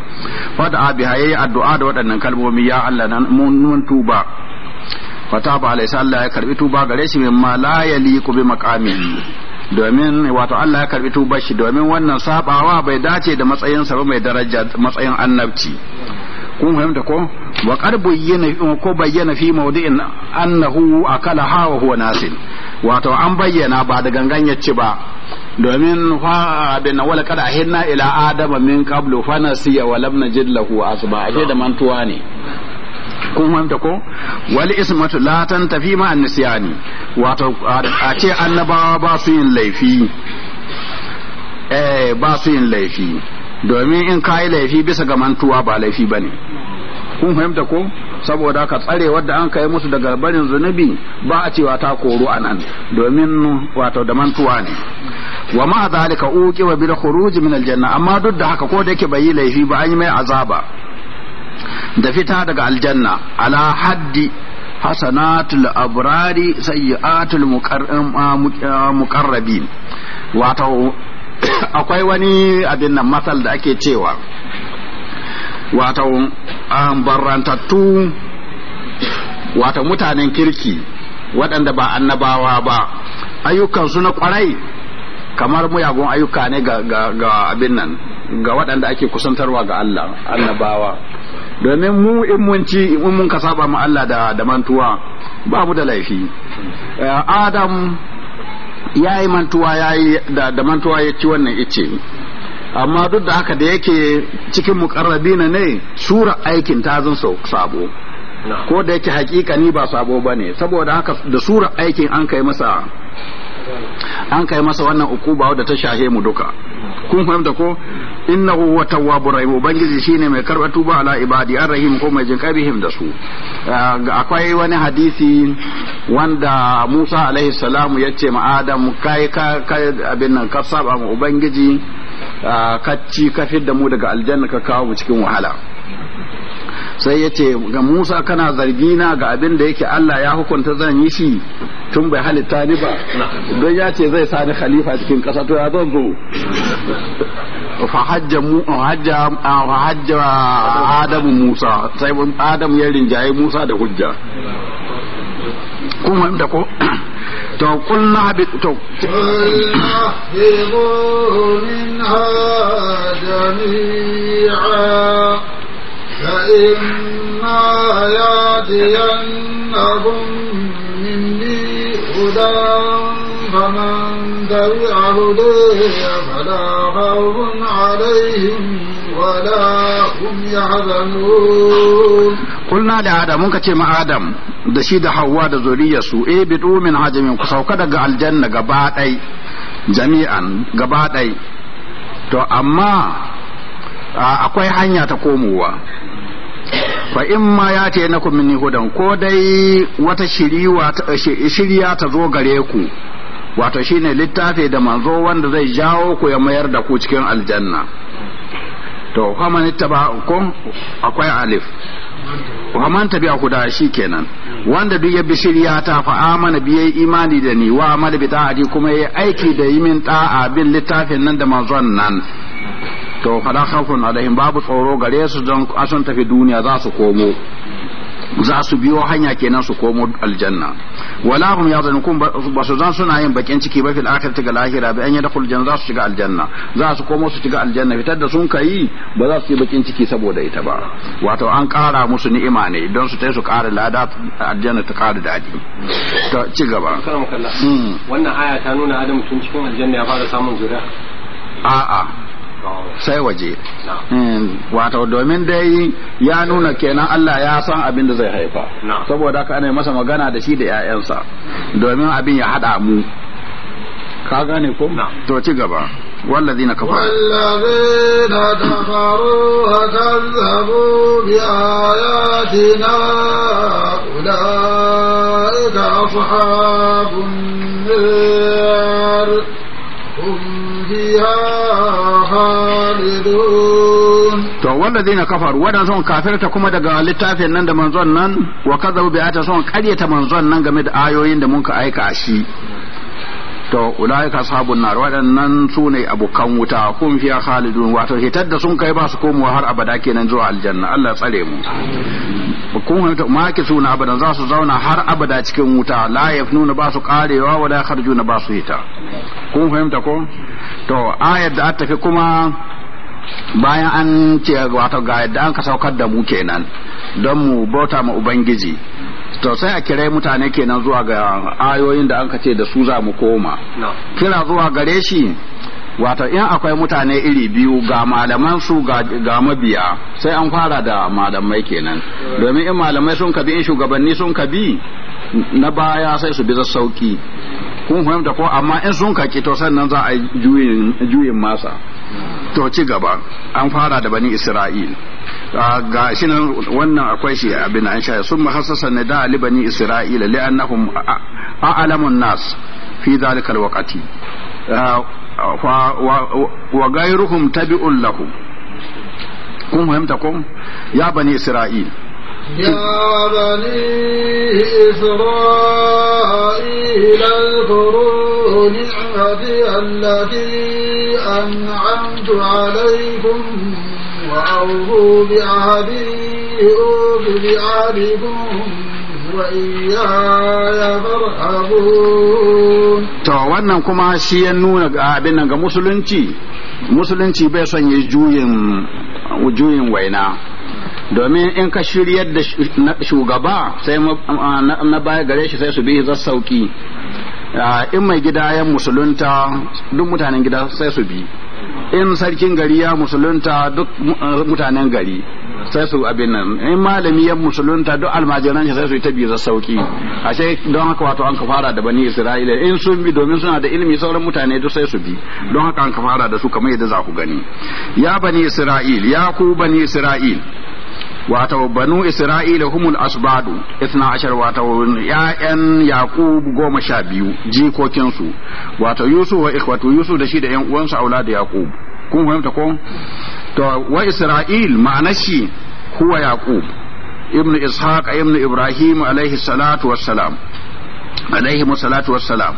A: Fa da abi hayi addu'a da waɗannan kalmomi ya Allah nan mun tuba ta ba alaysa Allah ya karbi tuba gare shi ma la yaliqu bi maqamihi domin wato Allah ya karbi tuba shi domin wannan sabawa bai dace da matsayin sa ba mai daraja matsayin annabci kun fahimta ko wa karbu bayyana ko bayyana fi mawdi'in annahu akala hawa huwa nasin wato an bayyana ba da gangan yacce ba domin fa bin wala kada ahinna ila adama min qablu fa nasiya wa lam najid lahu asba ashe da mantuwa ne kun fahimta ko wal ismatu la tantafi ma an nisyani wato a ce annabawa ba su yin laifi eh ba su yin laifi domin in ka yi laifi bisa ga mantuwa ba laifi ba ne kun fahimta ko saboda ka tsare wadda an kai musu daga barin zunubi ba a cewa ta koru a nan domin wato da mantuwa ne wa ma zalika uqi wa bil khuruj min aljanna amma duk da haka ko da yake bai yi laifi ba an yi mai azaba da fita daga aljanna ala haddi hasanatul abrari sayyatul muqarrabin wato akwai wani abin nan matsal da ake cewa wata um, barantattu wata mutanen kirki waɗanda ba annabawa ba ayyukansu na kwarai kamar muyagun ayyuka ne ga, abin nan ga waɗanda ake kusantarwa ga Allah annabawa domin mu in mun ci in mun ka saba ma Allah da, da mantuwa ba mu da laifi eh, adam ya yi mantuwa ya yi da mantuwa ya ci wannan ice amma duk da haka da yake cikin na ne sura aikin ta zan sabo ko da yake hakikani ba sabo ba ne saboda haka da sura aikin an kai masa an kai masa wannan ukuba da ta shahe mu duka kun fahimta ko innahu huwa tawwabur rahim ubangiji shine mai karba tuba ala ibadi arrahim ko mai jin kabihim da su ah, akwai wani hadisi wanda Musa alaihi salamu ya ce ma Adam kai ka abin nan ka saba ubangiji ah, ka ci ka fidda mu daga aljanna ka kawo mu cikin wahala sai ya ce ga Musa kana zargi na ga abin da yake Allah ya hukunta zan yi shi tun bai halitta ni ba don ya ce zai sani khalifa cikin ƙasa to ya zan zo fahajja adamu Musa sai Adam ya rinjaye Musa da hujja Kuma fahimta ko to kullu habit to kullu
B: minha jami'a فإما يأتينهم مني هدى فمن تبع هدي فلا خوف عليهم ولا هم يحزنون
A: قلنا لآدم منك تيم آدم da shi da hawa da zuriya su eh bidu min hajimin ku sauka daga aljanna gaba ɗai jami'an gaba ɗai to amma akwai hanya ta komowa fa in ma ya ce na kuma ni hudan ko dai wata eh, shirya ta zo gare ku wato shine littafi da manzo wanda zai jawo ku ya mayar da ku cikin aljanna to kwaman taba kun akwai alif kwaman tabi'a ku da shi kenan wanda duk ya bi shirya ta fa amana biye imani da ni wa amala bi ta'adi kuma yayi aiki da yimin da'a bin littafin nan da manzon nan to kada khawfun alaihim babu tsoro gare su don asun tafi duniya za su komo za su biyo hanya kenan su komo aljanna wala hum zanu kun ba su zan suna yin bakin ciki ba fil akhirati ga lahira bi an yadkhul janna za su shiga aljanna za su komo su shiga aljanna fitar da sun kai ba za su yi bakin ciki saboda ita ba wato an kara musu ni'ima ne don su tai su kara lada aljanna ta kara dadi ta ci gaba hmm. wannan aya ta nuna adam tun cikin aljanna ya fara samun zuriya a'a sai waje hmm, wato domin dai ya nuna kenan Allah ya san abin da zai haifa saboda haka ana masa magana da shi da 'ya'yansa domin abin ya haɗa mu ka gane ko to ci gaba والذين كفروا
B: والذين كفروا وكذبوا بآياتنا أولئك أصحاب النار هم فيها خالدون
A: to wallazina kafaru wadan sun kafirta kuma daga littafin nan da manzon nan wa kadzabu bi ayati sun karyata manzon nan game da ayoyin da munka aika shi to ulaika ashabun nar wadannan sune abukan wuta kun fi khalidun wato hitar da sun kai ba su komo har abada kenan zuwa aljanna Allah ya tsare mu kun ma ke suna abadan za su zauna har abada cikin wuta la yafnuna ba su karewa wala kharjuna ba su hita kun fahimta ko to ayar da an tafi kuma bayan an ce wato ga yadda an ka saukar da mu kenan don mu bauta ma ubangiji to sai a kirai mutane kenan zuwa ga ayoyin da an ka ce da su za mu koma kira zuwa gare shi wato in akwai mutane iri biyu ga malaman su ga mabiya sai an fara da malamai kenan domin in malamai sun ka bi in shugabanni sun ka bi na baya sai su bi sauki kun fahimta ko amma in sun kaki to sannan za a yi juyin masa to ci gaba an fara da bani isra'il ah, ga shi nan wannan akwai shi abin an shaya sun mahassasa ne da ali bani isra'ila li'annahum a'lamun nas fi zalika alwaqati ah, wa gairuhum tabi'un lahum kun fahimta ko ya bani isra'il يا بني
B: إسرائيل اذكروا نعمتي التي أنعمت عليكم وأوفوا بعهدي أوف بعهدكم
A: To wannan kuma shi ya nuna abin nan ga musulunci, musulunci bai son yi juyin waina. domin in ka shiryar da shugaba sai na baya gare shi sai su bi za sauki in mai gida ya musulunta duk mutanen gida sai su bi in sarkin gari ya musulunta duk mutanen gari sai su abin nan in malami ya musulunta duk almajiran shi sai su yi ta biyu sauki a sai don haka wato an ka fara da bani isra'ila in sun bi domin suna da ilimi sauran mutane duk sai su bi don haka an ka fara da su kamar yadda za ku gani ya bani isra'il ya ku bani isra'il wato banu isra'ila humul asbadu ithna ashar wato ya'yan yaqub goma sha biyu jikokinsu wato yusuf wa ikhwatu yusuf da shi da yan uwansa aulad yaqub kun fahimta ko to wa isra'il ma'ana shi huwa yaqub ibnu ishaq ibnu ibrahim alaihi salatu wassalam alaihi salatu wassalam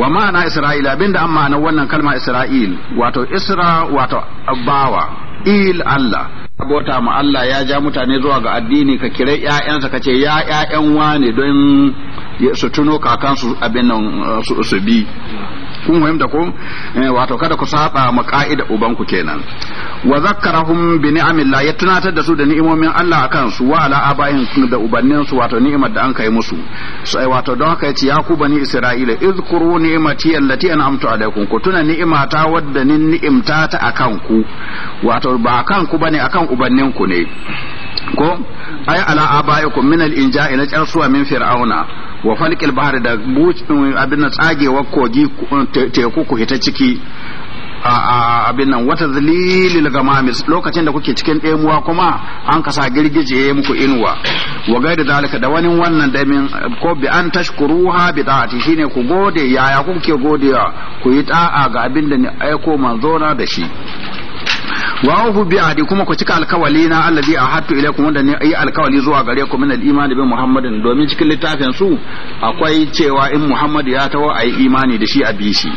A: wa ma'ana isra'ila abinda an nan wannan kalma isra'il wato isra wato abawa il allah bota ma Allah ya ja mutane zuwa ga addini ka kira 'ya'yansa ka ce ya ƴaƴan wane don su tuno kakansu abin nan su bi kun fahimta ko eh, wato kada ku saba ma ka'ida ubanku kenan wa zakkarahum bi ni'amillah ya tunatar da su da ni'imomin Allah akan su wa ala abayin da ubannin su wato ni'imar da an kai musu sai eh, wato don haka yace ya ku bani isra'ila izkuru ni'mati allati an'amtu alaykum ku tuna ni'imata wadda nin ni'imta ta akan ku wato ba akan ku bane akan ubannin ku ne ko ay ala abaikum min al inja ila carsuwa min fir'auna wa falqil bahr da bucin abin nan tsagewa kogi teku ku hita ciki a abin nan wata zalilil gamamis lokacin da kuke cikin ɗemuwa kuma an kasa girgije muku inuwa wa gaida zalika da wani wannan da min ko bi an tashkuruha bi da'ati shine ku gode yaya kuke godewa ku yi ta'a ga abin da ni aiko manzona da shi wa uhu bi ahdi kuma ku cika alkawali na allazi ahadtu ilaykum wanda ne ayi alkawali zuwa gare ku min al-iman bi muhammadin domin cikin littafin su akwai cewa in muhammad ya tawo ayi imani da shi a bi shi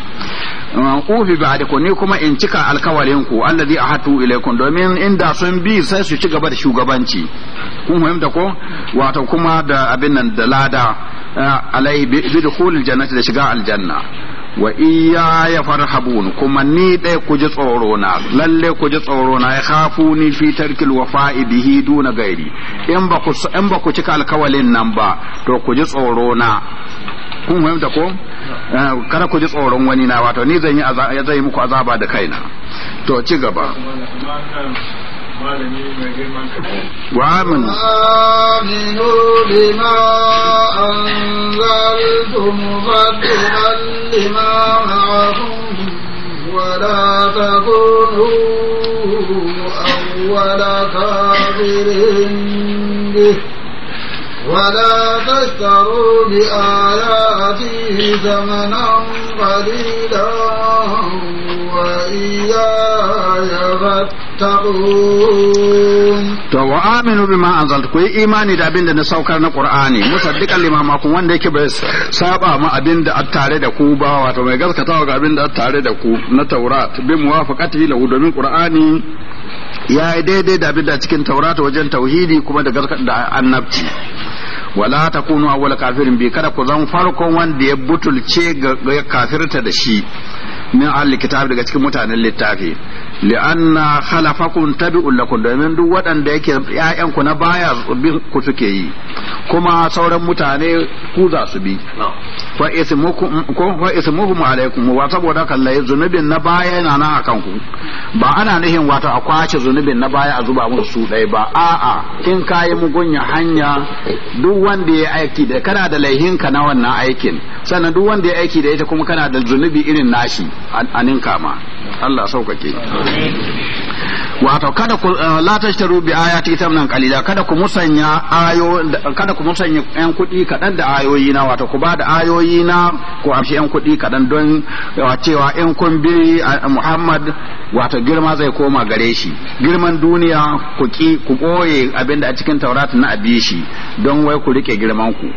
A: hu bi ahdi ne kuma in cika alkawalin ku allazi ahadtu ilaykum domin inda sun bi sai su ci gaba da shugabanci kun fahimta ko wato kuma da abin nan da lada eh, alai bi dukhul jannati da shiga aljanna wa iya ya farhabun kuma ni ɗaya ku ji tsoro na lalle ku ji tsoro na ya hafu ni fi tarkil wafa'i bihi duna gairi in ba ku cika alkawalin nan ba to ku ji tsoro na kun fahimta ko eh, kada ku ji tsoron wani na wato ni zan yi zan yi muku azaba da kaina to ci gaba وآمنوا
B: آمنوا بما أنزلت مصدقا لما معكم ولا تكونوا أول كافر به ولا تشتروا بآياتي ثمنا قليلا
A: to wa aminu bima anzalta ku yi imani da abin da na saukar na qur'ani musaddiqan lima ma kun wanda yake bai saba ma abin da tare da ku ba wato mai gaskata ga abin da tare da ku na taurat bi muwafaqati lahu domin qur'ani ya yi daidai da abin da cikin taurat wajen tauhidi kuma da da annabci wala takunu awwal kafirin bi kada ku zan farkon wanda ya butulce ga kafirta da shi min ahli kitab daga cikin mutanen littafi li'anna khalafakun tabi'un lakum domin duk waɗanda yake ƴaƴanku na baya ku suke yi kuma sauran mutane ku za su bi fa ismuhum alaikum wa saboda kallai zunubin na baya yana nan akan ku ba ana nihin wato a kwace zunubin na baya a zuba musu su ɗaya ba a'a in kayi mugunya hanya duk wanda ya aiki da kana da laihinka na wannan aikin sannan duk wanda ya aiki da ita kuma kana da zunubi irin nashi a ninka ma Allah sauƙaƙe wato kada ku eh, la tashtaru bi ayati thamnan qalila kada ku musanya ayo kada ku musanya yan kuɗi kaɗan da ayoyi na wato ku da ayoyi na ku amshi yan kuɗi kaɗan don eh, cewa in kun bi eh, Muhammad wato girma zai koma gare shi girman duniya ku ki ku boye abinda a cikin Taurat na abishi don wai ku rike girman ku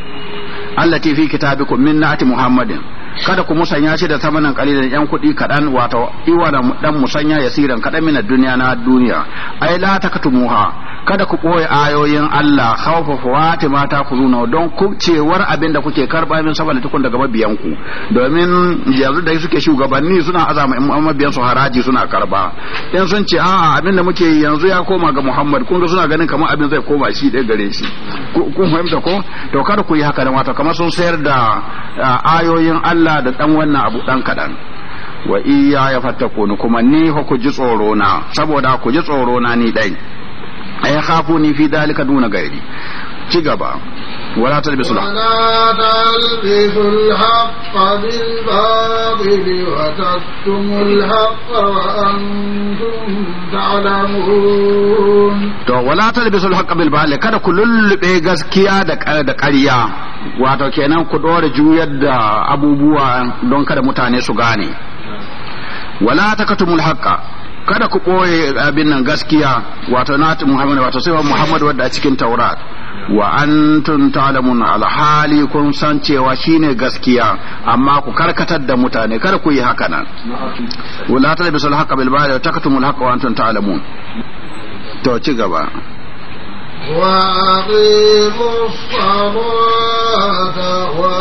A: allati fi kitabikum min na'ati Muhammadin kada ku musanya shi da samanin kalilan yan kuɗi kaɗan wato iwa da dan musanya yasiran kaɗan mina duniya na duniya ai la takatumuha kada ku ɓoye ayoyin Allah khawfa fawati mata ku zuna don kubcewar abin da kuke karɓa min saboda tukun daga mabiyanku domin yanzu da suke shugabanni suna azama mabiyan su haraji suna karba in sun ce a'a abin da muke yanzu ya koma ga Muhammad kun ga suna ganin kamar abin zai koma shi ɗaya gare shi kun fahimta ko to kada ku yi haka da mata kamar sun sayar da ayoyin Allah da dan wannan abu dan kadan wa iya ya kuma ni ku ji tsoro na saboda ku ji tsoro na ni dai ay ni fi dalika duna gairi ci gaba ولا تلبسوا الحق
B: ولا تلبسوا الحق بالباطل وتكتموا الحق وأنتم تعلمون
A: to wala talbisul haqq bil batil kada ku lullube gaskiya da da ƙarya wato kenan ku dora juyar da abubuwa don kada mutane su gane wala takatumul haqqa kada ku ɓoye abin nan gaskiya wato nati muhammad wato sai muhammad wadda a cikin taurat wa antum ta'lamun alhali kun san cewa shine gaskiya amma ku karkatar da mutane kada ku yi haka nan wala talbisul haqqa bil batil wa taqtumul haqqa wa antum ta'lamun to ci gaba
B: as-salata wa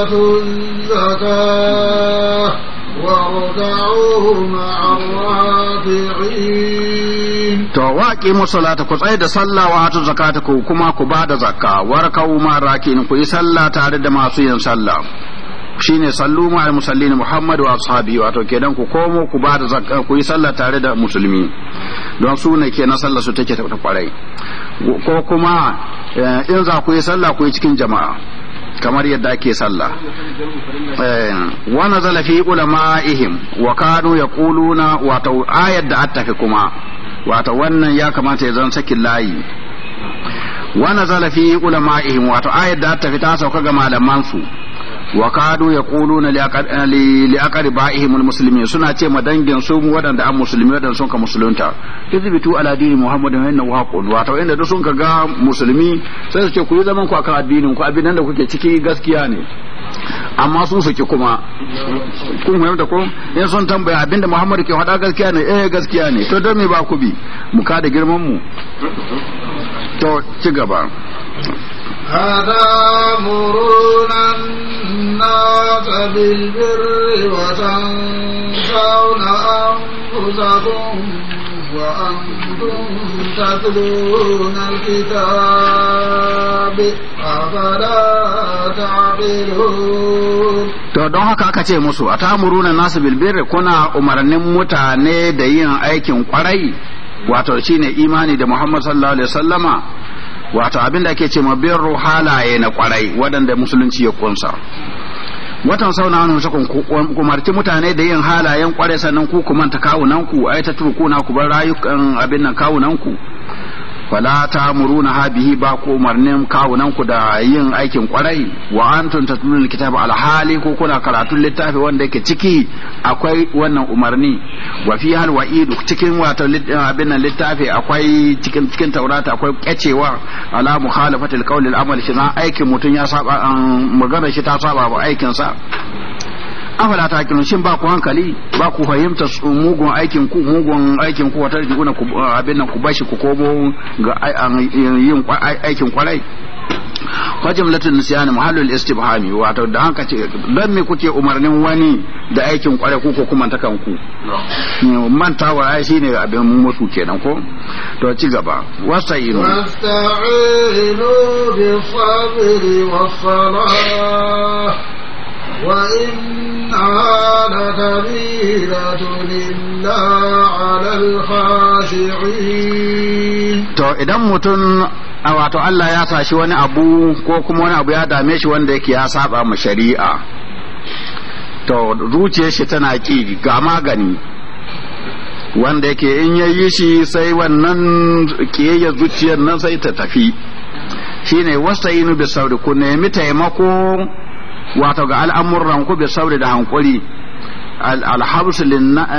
B: atu zakata To wa
A: الراكعين to ku tsaye da sallah wa hatu zakata ku kuma ku ba da zakka warkau ma in ku yi sallah tare da masu yin sallah shine sallu ma musallin muhammad wa ashabi wato kenan ku komo ku ba da zakka ku yi sallah tare da musulmi don su ne na sallah su take ta kwarai ko kuma eh, in za ku yi sallah ku yi cikin jama'a kamar yadda ake sallah eh, wa nazala fi ulama'ihim wa kanu yaquluna wato ayat da attafi kuma wato wannan ya kamata ya zan sakin layi wa nazala fi ulama'ihim wato ayat da attafi ta sauka ga malaman su wa kadu na li aqriba'ihim musulmi suna ce ma dangin su waɗanda wadanda an musulmi waɗanda sun ka musulunta izbitu ala dini muhammadin wa innahu haqqun wato inda duk sun ka ga musulmi sai su ce ku yi zaman ku akan addinin ku abin da kuke ciki gaskiya ne amma sun suke kuma kun fahimta ko in sun tambaya abinda muhammad ke faɗa gaskiya ne eh gaskiya ne to don me ba ku bi mu ka da girman mu to ci gaba
B: أتأمرون الناس بالبر وتنسون أنفسكم وأنتم تتلون الكتاب أفلا
A: تعقلون To don haka aka ce musu a tamuruna nasu bilbir kuna umarnin mutane da yin aikin kwarai wato shine imani da Muhammad sallallahu alaihi wasallama wato abin da ake ce ma birru halaye na kwarai waɗanda musulunci ya kunsa watan sauna wani musa um, kumarci mutane da yin halayen kwarai sannan ku manta kawunanku ai ta na ku bar rayukan abin nan kawunanku fala ta muruna ha bihi ba ko umarnin kawunan ku da yin aikin kwarai wa antum tatlul kitaba alhali ko kuna karatun littafi wanda yake ciki akwai wannan umarni wa fi hal wa'idu cikin wato abin nan littafi akwai cikin cikin taurata akwai kacewa ala muhalafatil qawli al-amal shi na aikin mutun ya saba magana shi ta saba ba aikin sa afala ta hakilun shin ba ku hankali ba ku fahimta mugun aikin ku mugun aikin ku wata kuna ku abin nan ku bashi ku komo ga yin aikin kwarai fa jumlatun nisyan mahallul istibhami wato da hanka ce dan me kuke umarnin wani da aikin kwarai ku ko kuma takan ku wa ai shine abin musu kenan ko to ci gaba wasta'inu
B: wasta'inu bi sabri was salah وإنها إلا على الخاشعين
A: to idan mutum a wato Allah ya sashi wani abu ko kuma wani abu ya dame shi wanda yake ya saba ma shari'a to zuciyar shi tana ki ga magani wanda yake in yayi shi sai wannan kiyayya zuciyar nan sai ta tafi shine wasta'inu sauri ku nemi taimako wato ga al'amuran ku bi da hankuri alhabsu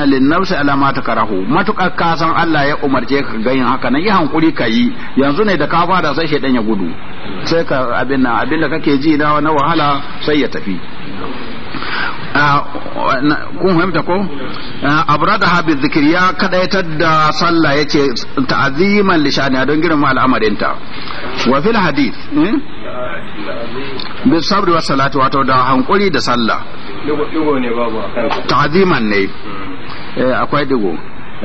A: linnafsi ala ma takarahu matukar ka san Allah ya umarce ka ga yin haka nan yi hankuri ka yi yanzu ne da ka fara sai shedan ya gudu sai ka abin nan abin da kake ji na wahala sai ya tafi Ah, kun fahimta ko ah, abrada bi zikir ya kadaitar da sallah yace ta'aziman li don girma al'amarin ta wa fil hadith eh? bi sabr wa salati wato da hankuri da sallah digo ne babu ta'aziman ne hmm. eh, akwai digo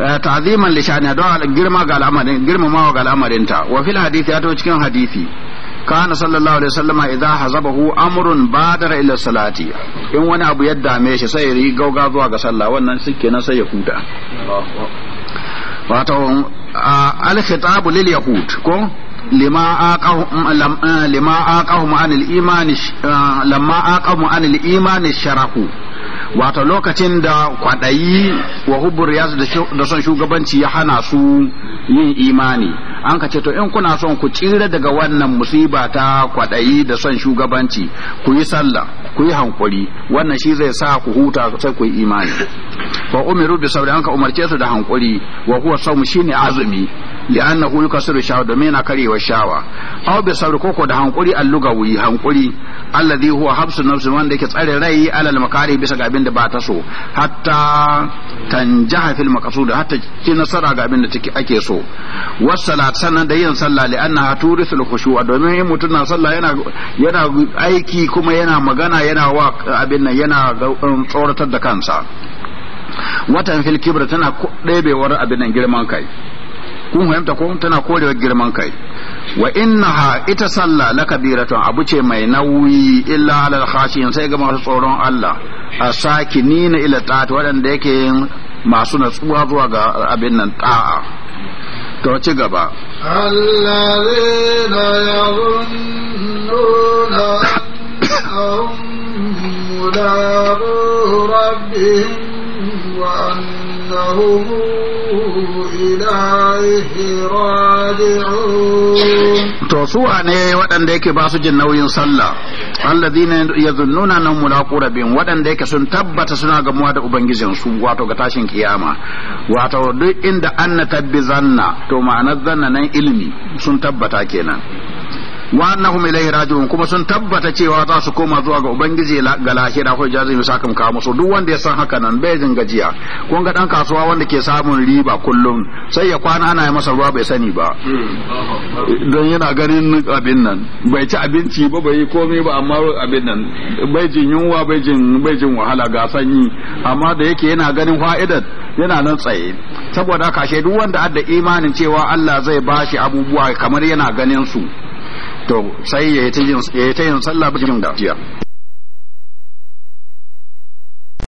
A: eh, ta'aziman li don girma ga al'amarin girmamawa ga al'amarin ta wa fil hadith ya to cikin hadisi kana sallallahu alaihi wasallama idza hazabahu amrun badara ila salati in wani abu ya dame shi sai yi gauga zuwa ga sallah wannan shikenan sai ya huta wato al-khitab lil yahud ko lima aqahum lima aqahum anil imani imani sharahu wato lokacin da kwaɗayi wa hubur ya da son shugabanci ya hana su yin imani an ka ce to in kuna son ku tsira daga wannan musiba ta kwaɗayi da son shugabanci ku yi sallah ku yi hankuri wannan shi zai sa ku huta sai ku yi imani wa umiru bi sabri ka umarce su da hankuri wa huwa shine azumi li'annahu yukasiru shawa domin yana karewa shawa aw bi sabr koko da hankuri wuyi hankuri alladhi huwa habsu nafsi wanda yake tsare rai alal makari bisa ga abin da ba ta so hatta tanjaha fil maqsud hatta ki nasara ga abin da take ake so wassalat sannan da yin sallah li'annaha turithul khushu'a domin yin mutum na sallah yana yana aiki kuma yana magana yana wa abin nan yana tsoratar da kansa watan fil kibra tana ɗebewar abin nan girman kai kun fahimta ko tana korewa girman kai wa ha ita sallah la kabiratun abu ce mai nauyi illa alal khashiyin sai ga masu tsoron Allah a nina ila ta'at waɗanda yake masu natsuwa zuwa ga abin nan ta'a to ci gaba alladhina
B: yazunnuna annahum rabbihim wa أنهم إليه راجعون
A: to su ne waɗanda yake ba su jin nauyin sallah allazina yazunnuna annahum mulaqu rabbihim waɗanda yake sun tabbata suna gamuwa da ubangijin su wato ga tashin kiyama wato duk inda anna tabbizanna to ma'anar zanna nan ilimi sun tabbata kenan wa annahum ilayhi raji'un kuma sun tabbata cewa za su koma zuwa ga ubangiji ga lahira ko jazai mu sakan ka musu duk wanda ya san haka nan bai jin gajiya kun ga dan kasuwa wanda ke samun riba kullum sai ya kwana ana yi masa ruwa bai sani ba don yana ganin abin nan bai ci abinci ba bai komai ba amma abin nan bai jin yunwa bai jin bai jin wahala ga sanyi amma da yake yana ganin fa'idar yana nan tsaye saboda kashe duk wanda adda imanin cewa Allah zai bashi abubuwa kamar yana ganin su to sai ya yi ta yin sallah ba jin gajiya